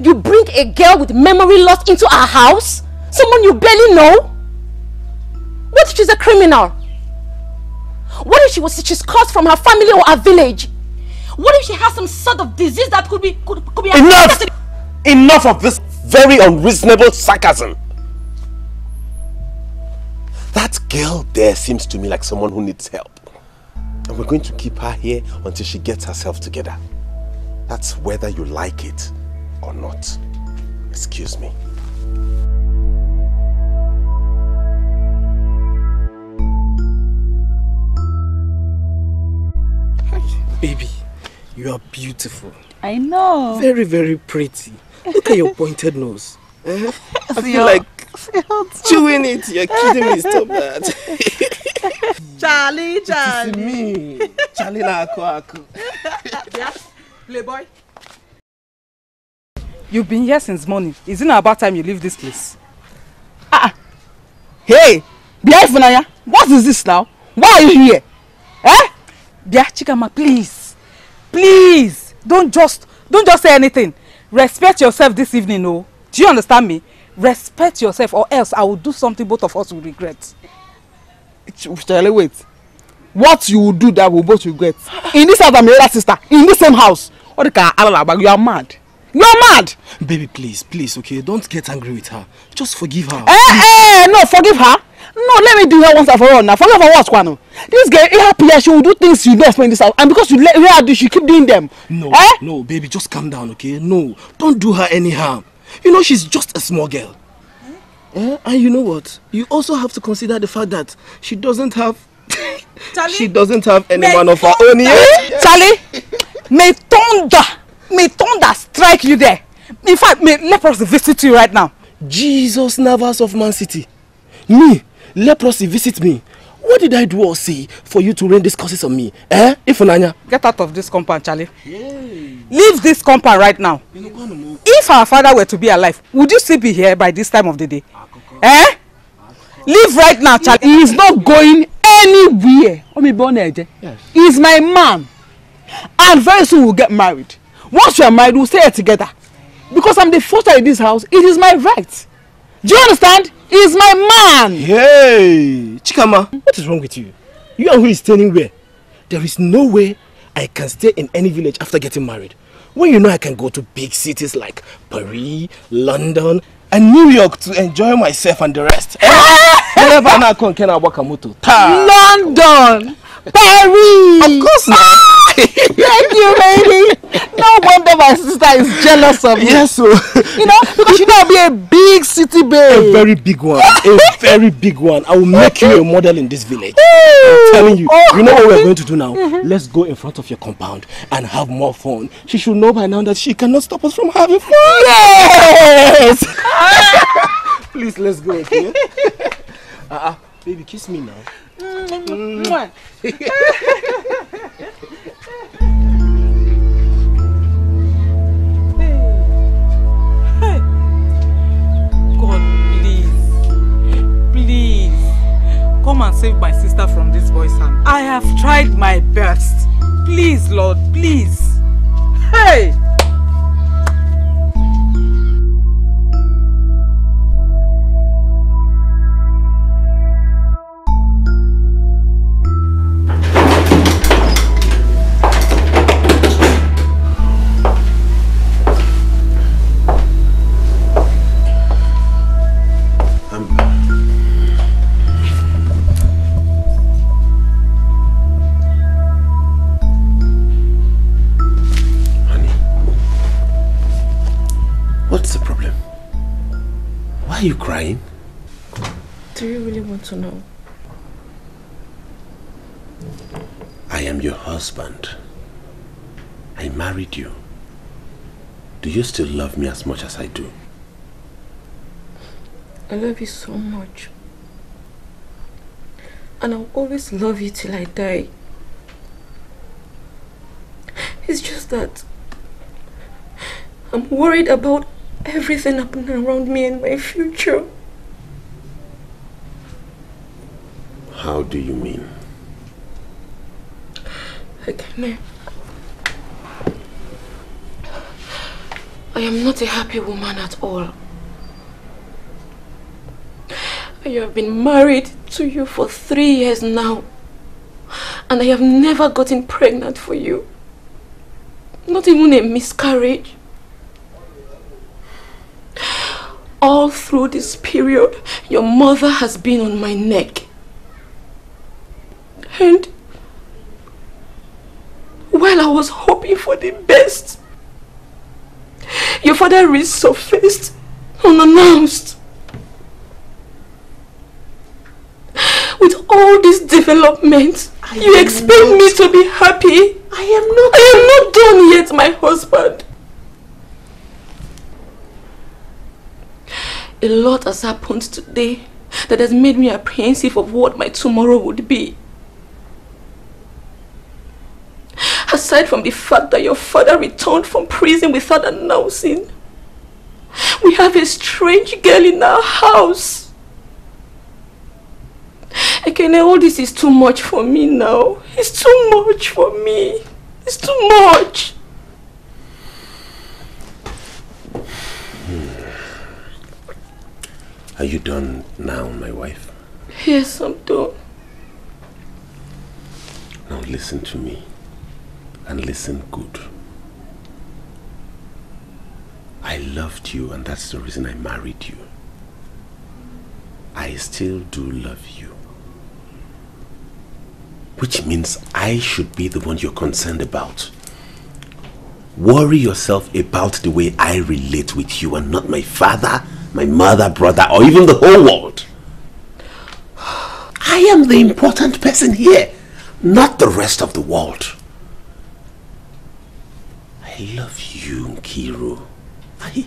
Speaker 2: You bring a girl with memory loss into our house? Someone you barely know? What if she's a criminal? What if she was she's cursed from her family or her village? What if she has some sort of disease that could be could, could be Enough! Enough of this very unreasonable sarcasm.
Speaker 3: That girl there seems to me like someone who needs help. And we're going to keep her here until she gets herself together. That's whether you like it or not. Excuse me.
Speaker 2: baby, you are beautiful.
Speaker 6: I know. Very,
Speaker 2: very pretty. Look at your pointed nose. Eh?
Speaker 6: I feel like
Speaker 2: chewing it. You're kidding me. Stop that. Charlie, Charlie. It is me. Charlie Lako Ako. Yeah, playboy. You've been here since morning. Isn't it about time you leave this place? Ah! ah. Hey! Bia Ifunanya, what is this now? Why are you here? Eh? Bia Chikama, please. Please! Don't just, don't just say anything. Respect yourself this evening, no? Oh. Do you understand me? Respect yourself or else I will do something both of us will regret. Shall wait? What you will do that we both regret. In this house, I'm your sister. In this same house. What the You are mad. No mad!
Speaker 3: Baby, please, please, okay? Don't get angry with her. Just forgive her. Eh,
Speaker 2: eh, no, forgive her. No, let me do her once and for all now. Forgive her once, Kwano. This girl, happy she will do things you don't explain this out. And because you let her do, she keep doing them. No, eh? no, baby, just calm down, okay? No, don't do her any harm. You know, she's just a small girl. Eh? eh and you know what? You also have to consider the fact that she doesn't have... Charlie, she doesn't have anyone of her own. Eh, Charlie, may thunder... May thunder strike you there. In fact, may leprosy visit you right now. Jesus nervous of Man City. Me, leprosy visit me. What did I do or say for you to rain these curses on me? Eh? Ifunanya? Get out of this compound, Charlie. Leave this compound right now. If our father were to be alive, would you still be here by this time of the day? Eh? Leave right now, Charlie. He is not going anywhere. Yes. He's my man. And very soon we'll get married. Once you are married, we stay here together. Because I'm the foster in this house, it is my right. Do you understand? He is my man. Hey, Chikama, what is wrong with you? You and who is staying where? There is no way I can stay in any village after getting married. When you know I can go to big cities like Paris, London, and New York to enjoy myself and the rest. London! Of course not. Ah! Thank you, baby. No wonder my sister is jealous of you. Yes, so. Oh. You know, because you know, be a big city babe. A very big one. a very big one. I will make you a model in this village. I'm telling you. You know what we're oh. going to do now? Mm -hmm. Let's go in front of your compound and have more fun. She should know by now that she cannot stop us from having fun. Yes!
Speaker 3: Please, let's go, okay? uh, uh, baby, kiss me now.
Speaker 6: Mm
Speaker 3: -hmm. God,
Speaker 2: please, please, come and save my sister from this boy's hand. I have tried my best. Please, Lord, please. Hey!
Speaker 3: you crying?
Speaker 1: Do you really want to know?
Speaker 3: I am your husband. I married you. Do you still love me as much as I do?
Speaker 2: I love you so much. And I'll always love you till I die. It's just that I'm worried about everything happening around me and my future.
Speaker 3: How do you mean?
Speaker 4: Akane,
Speaker 2: I am not a happy woman at all. I have been married to you for three years now. And I have never gotten pregnant for you. Not even a miscarriage. All through this period, your mother has been on my neck. And while I was hoping for the best, your father resurfaced unannounced. With all these developments, I you expect not, me to be happy? I am not. I am not done yet, my husband. A lot has happened today that has made me apprehensive of what my tomorrow would be. Aside from the fact that your father returned from prison without announcing, we have a strange girl in our house. Again, all this is too much for me now. It's too much for me. It's too much.
Speaker 3: Are you done now, my wife? Yes, I'm done. Now listen to me. And listen good. I loved you and that's the reason I married you. I still do love you. Which means I should be the one you're concerned about. Worry yourself about the way I relate with you and not my father my mother, brother, or even the whole world. I am the important person here, not the rest of the world. I love you, Nkiru. I,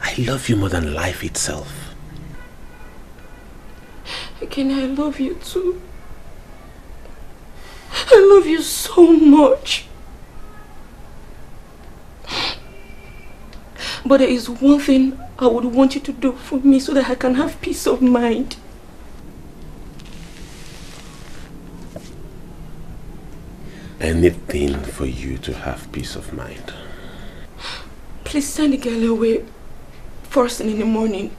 Speaker 3: I love you more than life itself.
Speaker 2: Again, I love you too. I love you so much. But there is one thing I would want you to do for me so that I can have peace of mind.
Speaker 3: Anything for you to have peace of mind.
Speaker 2: Please send the girl away first thing in the morning.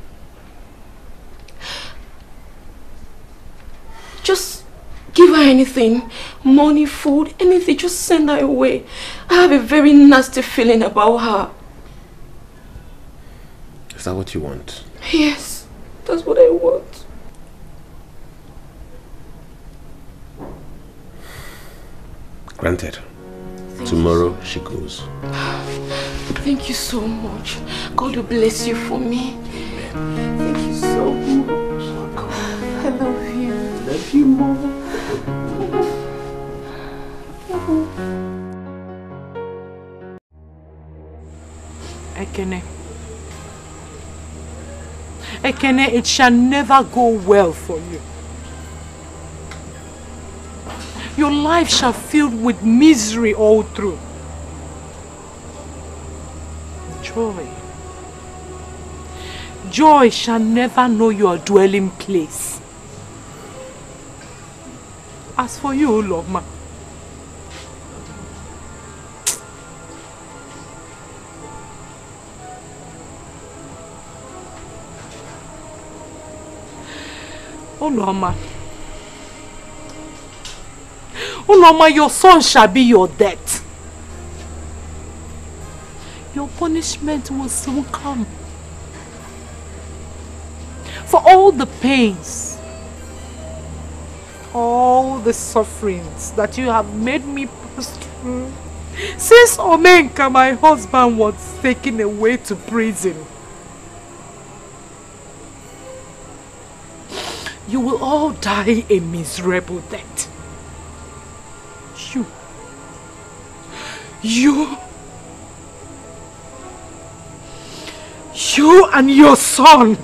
Speaker 2: Just give her anything, money, food, anything, just send her away. I have a very nasty feeling about her.
Speaker 3: Is that what you want?
Speaker 2: Yes, that's what I want.
Speaker 3: Granted. Thank Tomorrow you. she goes.
Speaker 2: Thank you so much. God will bless you for me. Thank you so much. I love you. love you, Mama.
Speaker 4: Ekene. Ekene,
Speaker 2: it shall never go well for you. Your life shall filled with misery all through. Joy. Joy shall never know your dwelling place. As for you, Lord, Unoma. Unoma, your son shall be your death. Your punishment will soon come. For all the pains, all the sufferings that you have made me pass through, since Omenka, my husband, was taken away to prison. You will all die a miserable death. You. You. You and your son.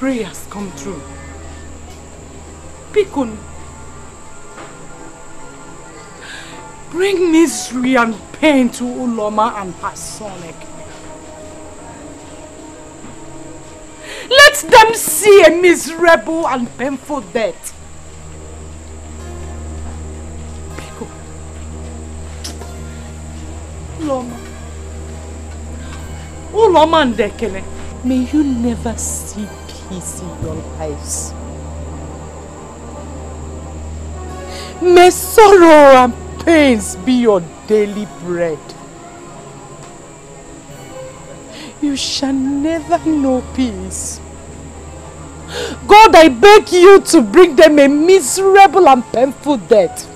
Speaker 2: prayers come true. Pikun, bring misery and pain to Uloma and her son Let them see a miserable and painful death. Pico, Uloma, Uloma and Dekele, may you never see he see your lives. May sorrow and pains be your daily bread. You shall never know peace. God, I beg you to bring them a miserable and painful death.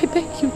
Speaker 2: I beg you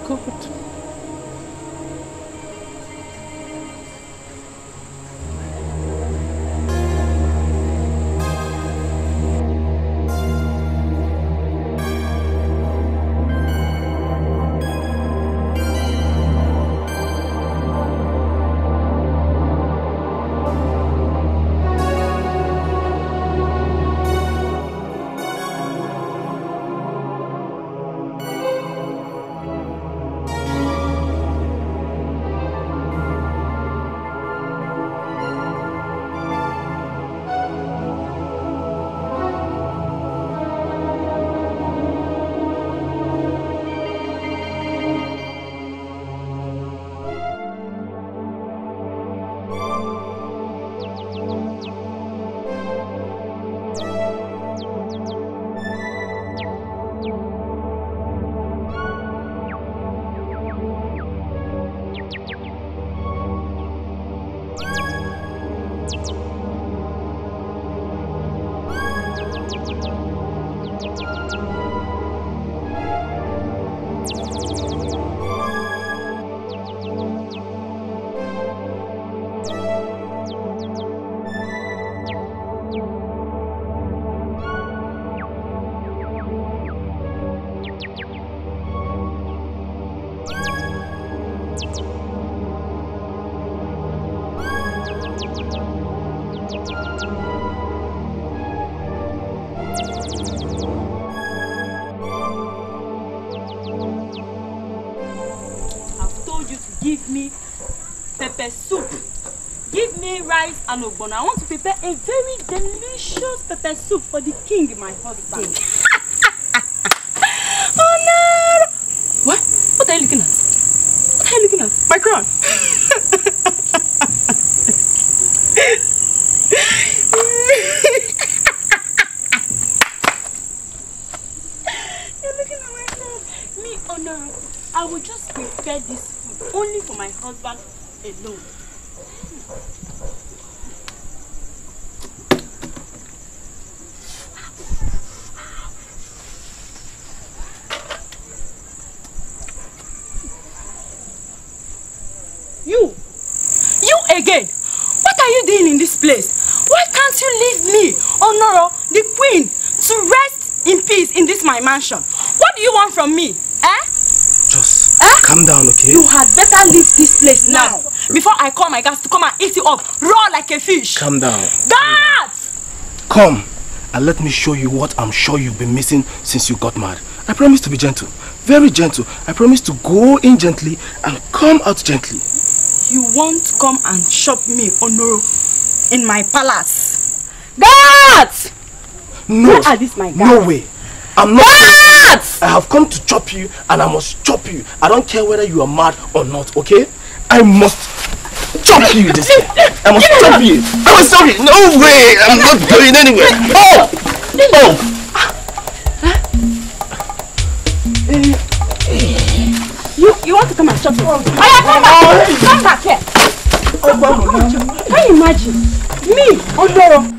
Speaker 2: rice and ogbono. I want to prepare a very delicious pepper soup for the king, my husband. Calm down. God!
Speaker 3: Come and let me show you what I'm sure you've been missing since you got mad. I promise to be gentle. Very gentle. I promise to go in gently and come out gently.
Speaker 2: You won't come and shop me, Onoro, in my palace. God! No. Where this, my No way. I'm not. God! I have come to chop you and I must chop you. I don't care whether you are mad or not, okay? I must stop you this time. I must stop you. I must stop you. No way. I'm not going anywhere. Oh! oh! Oh! You, you want to come and stop me? Oh, yeah, come back. Come back here. Oh, oh Can you imagine? Me? Oh, no.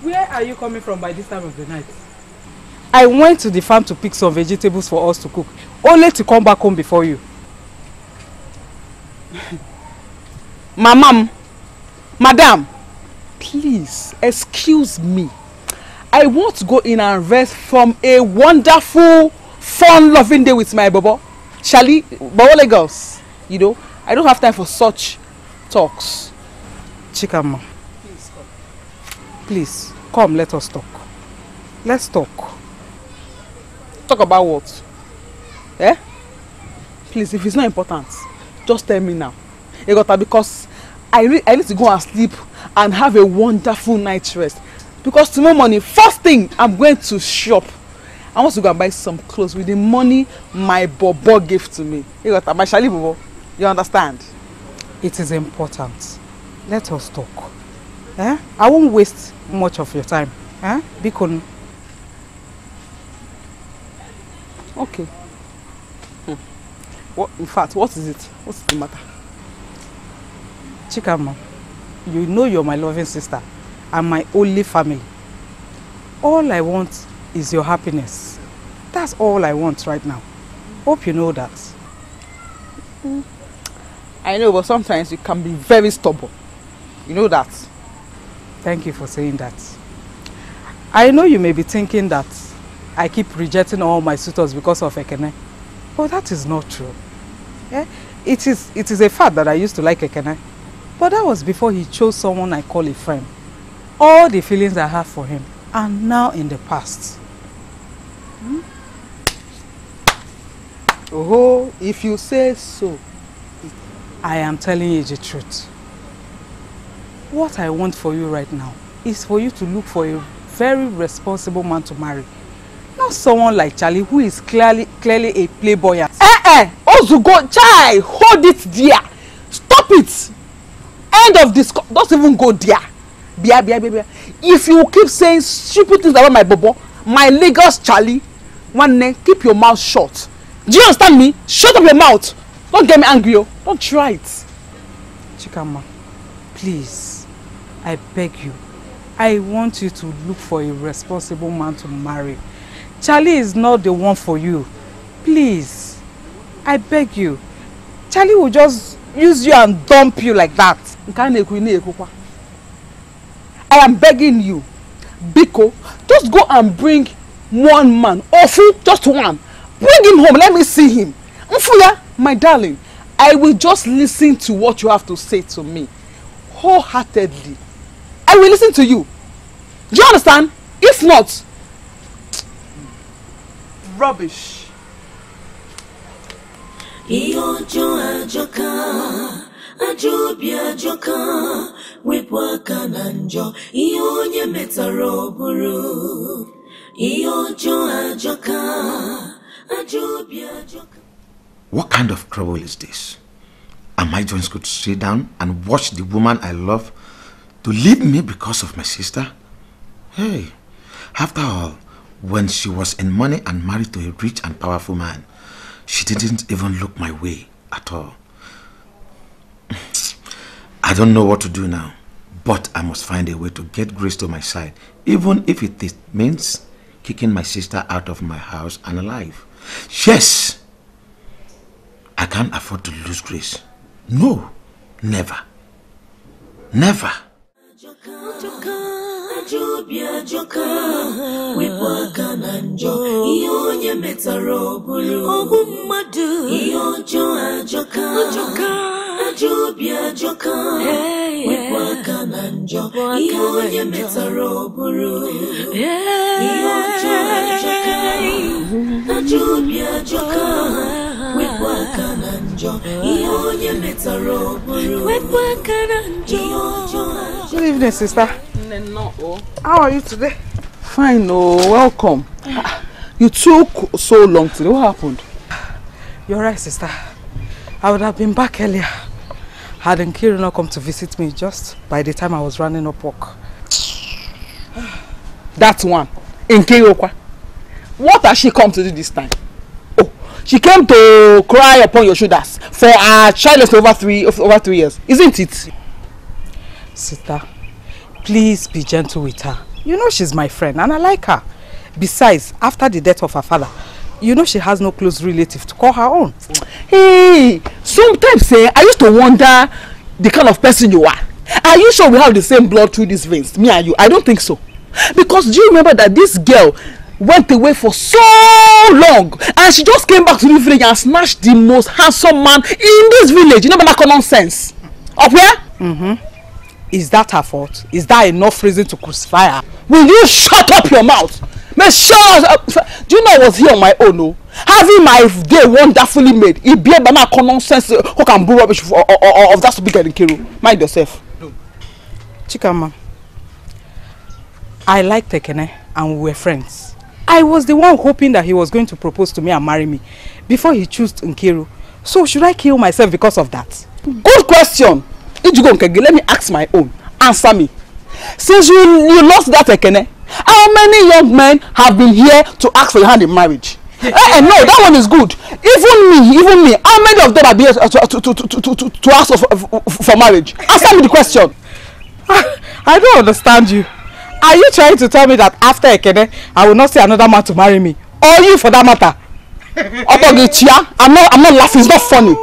Speaker 2: where are you coming from by this time of the night? I went to the farm to pick some vegetables for us to cook, only to come back home before you. Mamam, madam, please excuse me. I want to go in and rest from a wonderful, fun-loving day with my bobo. Shali, Bawole girls, you know, I don't have time for such talks. Chikama. Please, come, let us talk. Let's talk. Talk about what? Eh? Please, if it's not important, just tell me now. Egota, because I, re I need to go and sleep and have a wonderful night's rest. Because tomorrow morning, first thing, I'm going to shop. I want to go and buy some clothes with the money my bobo gave to me. Egota, my shali bobo. You understand? It is important. Let us talk. Eh? I won't waste much of your time. Eh? Be cool. Okay. Hmm. What, in fact, what is it? What's the matter? Chikama, you know you're my loving sister and my only family. All I want is your happiness. That's all I want right now. Hope you know that. Hmm. I know, but sometimes you can be very stubborn. You know that. Thank you for saying that. I know you may be thinking that I keep rejecting all my suitors because of Ekene. But that is not true. Yeah? It, is, it is a fact that I used to like Ekene. But that was before he chose someone I call a friend. All the feelings I have for him are now in the past. Hmm? Oh, if you say so. I am telling you the truth. What I want for you right now is for you to look for a very responsible man to marry. Not someone like Charlie who is clearly clearly a playboy. Eh eh, Ozugo, chai, hold it there. Stop it. End of this. Don't even go there. Bia bia bia bia. If you keep saying stupid things about my bobo, my Lagos Charlie, one name, keep your mouth shut. Do you understand me? Shut up your mouth. Don't get me angry, yo. Oh. Don't try it. Chikama, please. I beg you. I want you to look for a responsible man to marry. Charlie is not the one for you. Please. I beg you. Charlie will just use you and dump you like that. I am begging you. Biko, just go and bring one man. Ofu, just one. Bring him home. Let me see him. Mfuya, my darling, I will just listen to what you have to say to me wholeheartedly. I will listen to you. Do you understand? If not,
Speaker 4: rubbish. Ihe ọjọọ ajọka, ajọ obi ajọka, wepụ aka na njọ,
Speaker 3: What kind of trouble is this? Am I just going to sit down and watch the woman I love to leave me because of my sister? Hey, after all, when she was in money and married to a rich and powerful man, she didn't even look my way at all. I don't know what to do now, but I must find a way to get Grace to my side, even if it means kicking my sister out of my house and alive. Yes, I can't afford to lose Grace. No, never.
Speaker 4: Never ajọ obi ajọka wepụ aka na njọ ihe onye metara ọbụrụ ọbụ mmadụ ihe ọjọọ ajọka ajọ obi ajọka wepụ aka na njọ ihe onye metara ọbụrụ ihe ọjọọ wepụ aka na njọ ihe onye metọrọ okpuru wepụ aka na njọ ihe ọjọọ Good evening, sister.
Speaker 2: How are you today? Fine, oh, welcome. You took so long today. What happened? You're right, sister. I would have been back earlier had Nkiru not come to visit me just by the time I was running up work. That's one. Nkiru Okwa. What has she come to do this time? she came to cry upon your shoulders for her childless over three over three years isn't it. sita please be gentle with her you know she's my friend and i like her besides after the death of her father you know she has no close relative to call her own. hey sometimes eh i used to wonder the kind of person you are are you sure we have the same blood through these veins me and you i don't think so because do you remember that this girl went away for so long and she just came back to the village and snatched the most handsome man in this village you know that nonsense up here mm-hmm. is that her fault is that enough reason to crucify her will you shut up your mouth make sure uh, do you know i was here on my own o oh? having my day wonderfully made e be about that nonsense uh, who can brew rubbish for, or, uh, or, uh, uh, of that stupid girl in kiro mind yourself no. chikama i liked ekene and we were friends I was the one hoping that he was going to propose to me and marry me before he chose Nkiru. So should I kill myself because of that? Good question. Ijugo Nkege, let me ask my own. Answer me. Since you, you lost that Ekene, how many young men have been here to ask for your hand in marriage? eh, eh no, that one is good. Even me, even me, how many of them are here to, to, to, to, to, to ask for, for marriage? Answer me the question. I don't understand you. are you trying to tell me that after Ekene I will not see another man to marry me or you for that matter
Speaker 6: Otogichia
Speaker 2: I'm not I'm not laughing it's not funny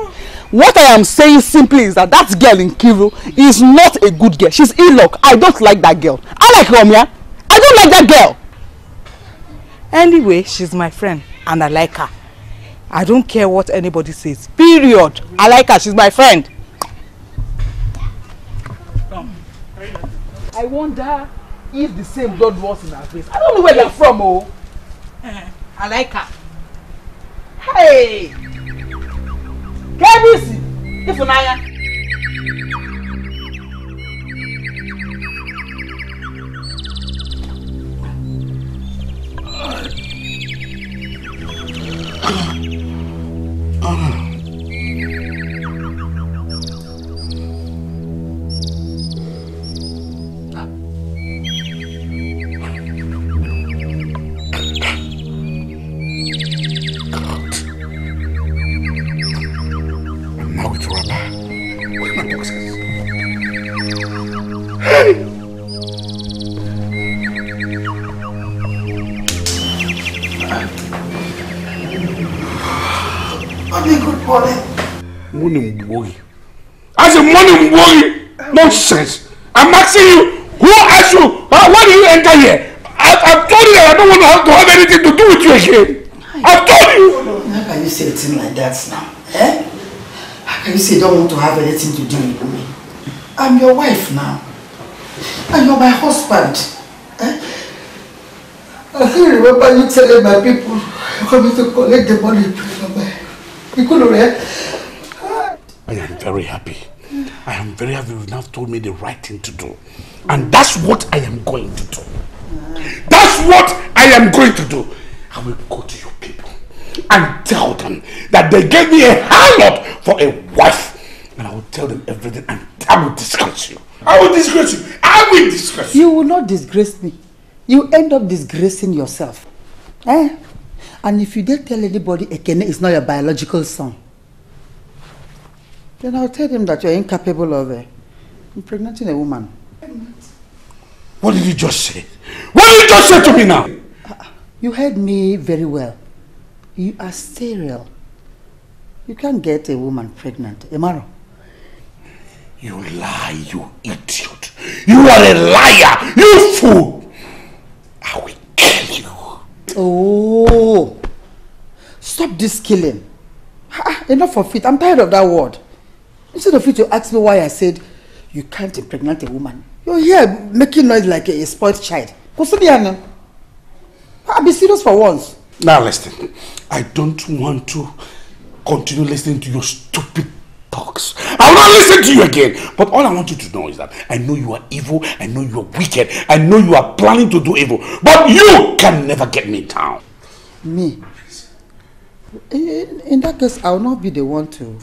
Speaker 2: what I am saying simply is that that girl in Kiru is not a good girl she's ill I don't like that girl I like Romia I don't like that girl anyway she's my friend and I like her I don't care what anybody says period I like her she's my friend I wonder if the same blood was in her face i don't know where they're from oh. Uh-huh. i like her. hey if kbc Ifunanya.
Speaker 6: Ah. ah.
Speaker 3: you worry. Nonsense.
Speaker 4: I'm asking you, who asked you? Uh, why, why did you enter here? I, I've told you that I don't want to have, to have anything to do with you again. I've told you.
Speaker 5: How can you say a thing like that now? Eh? How can you say you don't want to have anything to do with me? I'm your wife now. And you're my husband. Eh? I still remember you telling my people you coming to collect the money from my. You
Speaker 3: could eh? I am very happy very happy you now told me the right thing to do. And that's what I am going to do. That's what I am going to do. I will go to your people and tell them that they gave me a harlot for a wife. And I will tell them everything and I will disgrace you. I will disgrace you. I will disgrace you. You will not
Speaker 5: disgrace me.
Speaker 3: You end up disgracing
Speaker 5: yourself. Eh? And if you dare tell anybody Ekene is not your biological son, Then I'll tell him that you're incapable of uh, impregnating a woman.
Speaker 3: What did you just say? What did you just say to me now?
Speaker 5: Uh, you heard me very well. You are sterile. You can't get a woman pregnant. Emaro.
Speaker 3: You lie, you idiot. You are a liar.
Speaker 5: You fool. I will kill you. Oh. Stop this killing. Ah, ah, enough of it. I'm tired of that word. Instead of you to ask me why I said you can't impregnate a woman, you're here making noise like a, a spoiled child. Kosodiana,
Speaker 3: I'll be serious for once. Now listen, I don't want to continue listening to your stupid talks. I will not listen to you again. But all I want you to know is that I know you are evil. I know you are wicked. I know you are planning to do evil. But you can never get me down.
Speaker 5: Me? In, in that case, I will not be the one to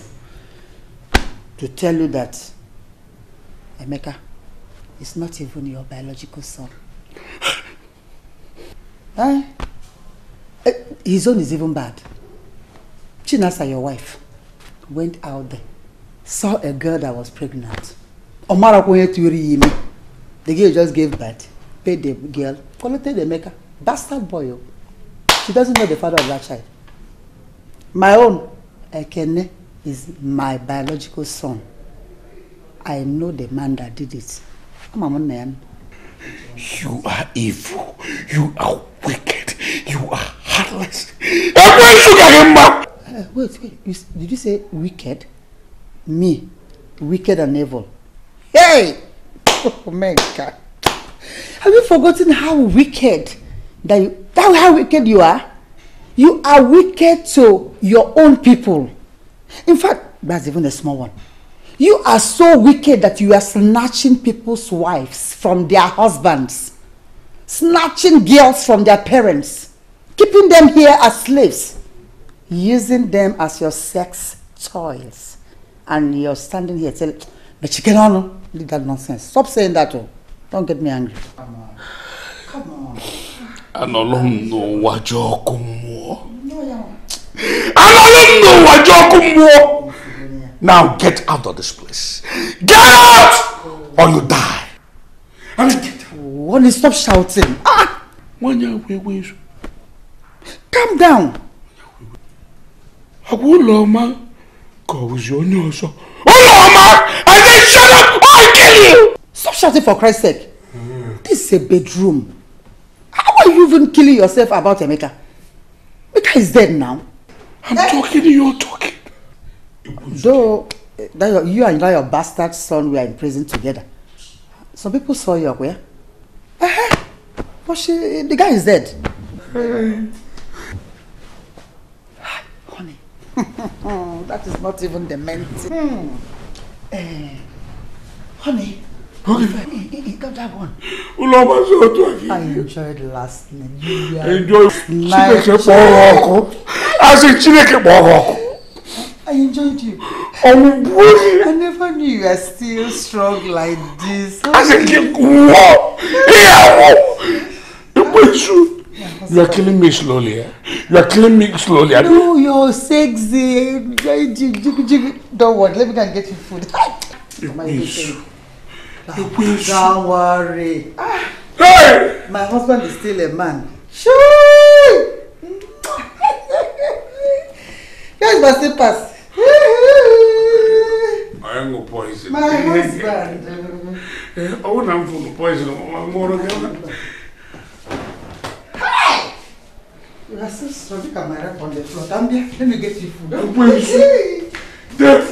Speaker 5: to tell you that Emeka is not even your biological son. Eh? eh? His own is even bad. Chinasa, your wife, went out there, saw a girl that was pregnant. Omara Yimi. The girl just gave birth, paid the girl, collected the maker. Bastard boy. Oh. She doesn't know the father of that child. My own, Ekene is my biological son. I know the man that did it. Come on, man.
Speaker 3: You are evil. You are
Speaker 5: wicked. You are heartless.
Speaker 6: Uh,
Speaker 5: wait, wait. You, did you say wicked? Me, wicked and evil. Hey! Oh my God. Have you forgotten how wicked that you, that how wicked you are? You are wicked to your own people. In fact, that's even a small one. You are so wicked that you are snatching people's wives from their husbands, snatching girls from their parents, keeping them here as slaves, using them as your sex toys. And you're standing here telling, but you cannot leave that nonsense. Stop saying that. Oh. Don't get me angry. Come on.
Speaker 3: Come on. Anọlọ m n'ụwa ji ọkụ mmụọ. know you Another no wajokumwo. Now get out of this place. Get out or you die.
Speaker 5: I mean, get out. Wally, stop shouting. Ah! Calm
Speaker 3: down. God Aguloma, cause you're not so. Uloma, I said
Speaker 5: shut up oh, I'll kill you. Stop shouting for Christ's sake. Mm. This is a bedroom. How are you even killing yourself about Emeka? Emeka is dead now. I'm eh? talking, you're talking. Though that you and your bastard son were in prison together, some people saw you where. Uh-huh. But she, the guy is dead. Hey. Honey, that is not even demented. Hmm. Uh, honey. Come that one. Ulama so to I enjoyed last Nigeria.
Speaker 2: Enjoy Chineke Boroko. I said
Speaker 5: I enjoyed you. Oh boy. I never knew you were still strong like this. I said
Speaker 3: Whoa! Yeah! You You are killing me slowly. Eh? You are killing me slowly. No,
Speaker 5: you're sexy. Don't worry. Let me go and get you food. Please don't worry. Ah. Hey! My husband is still a man. Sure! Here's my pass?
Speaker 3: I am going poison. My husband. Oh, I'm full of poison. I'm going to get it.
Speaker 5: You are so sorry, camera on the floor. Tambia, let me get you food.
Speaker 4: Poison.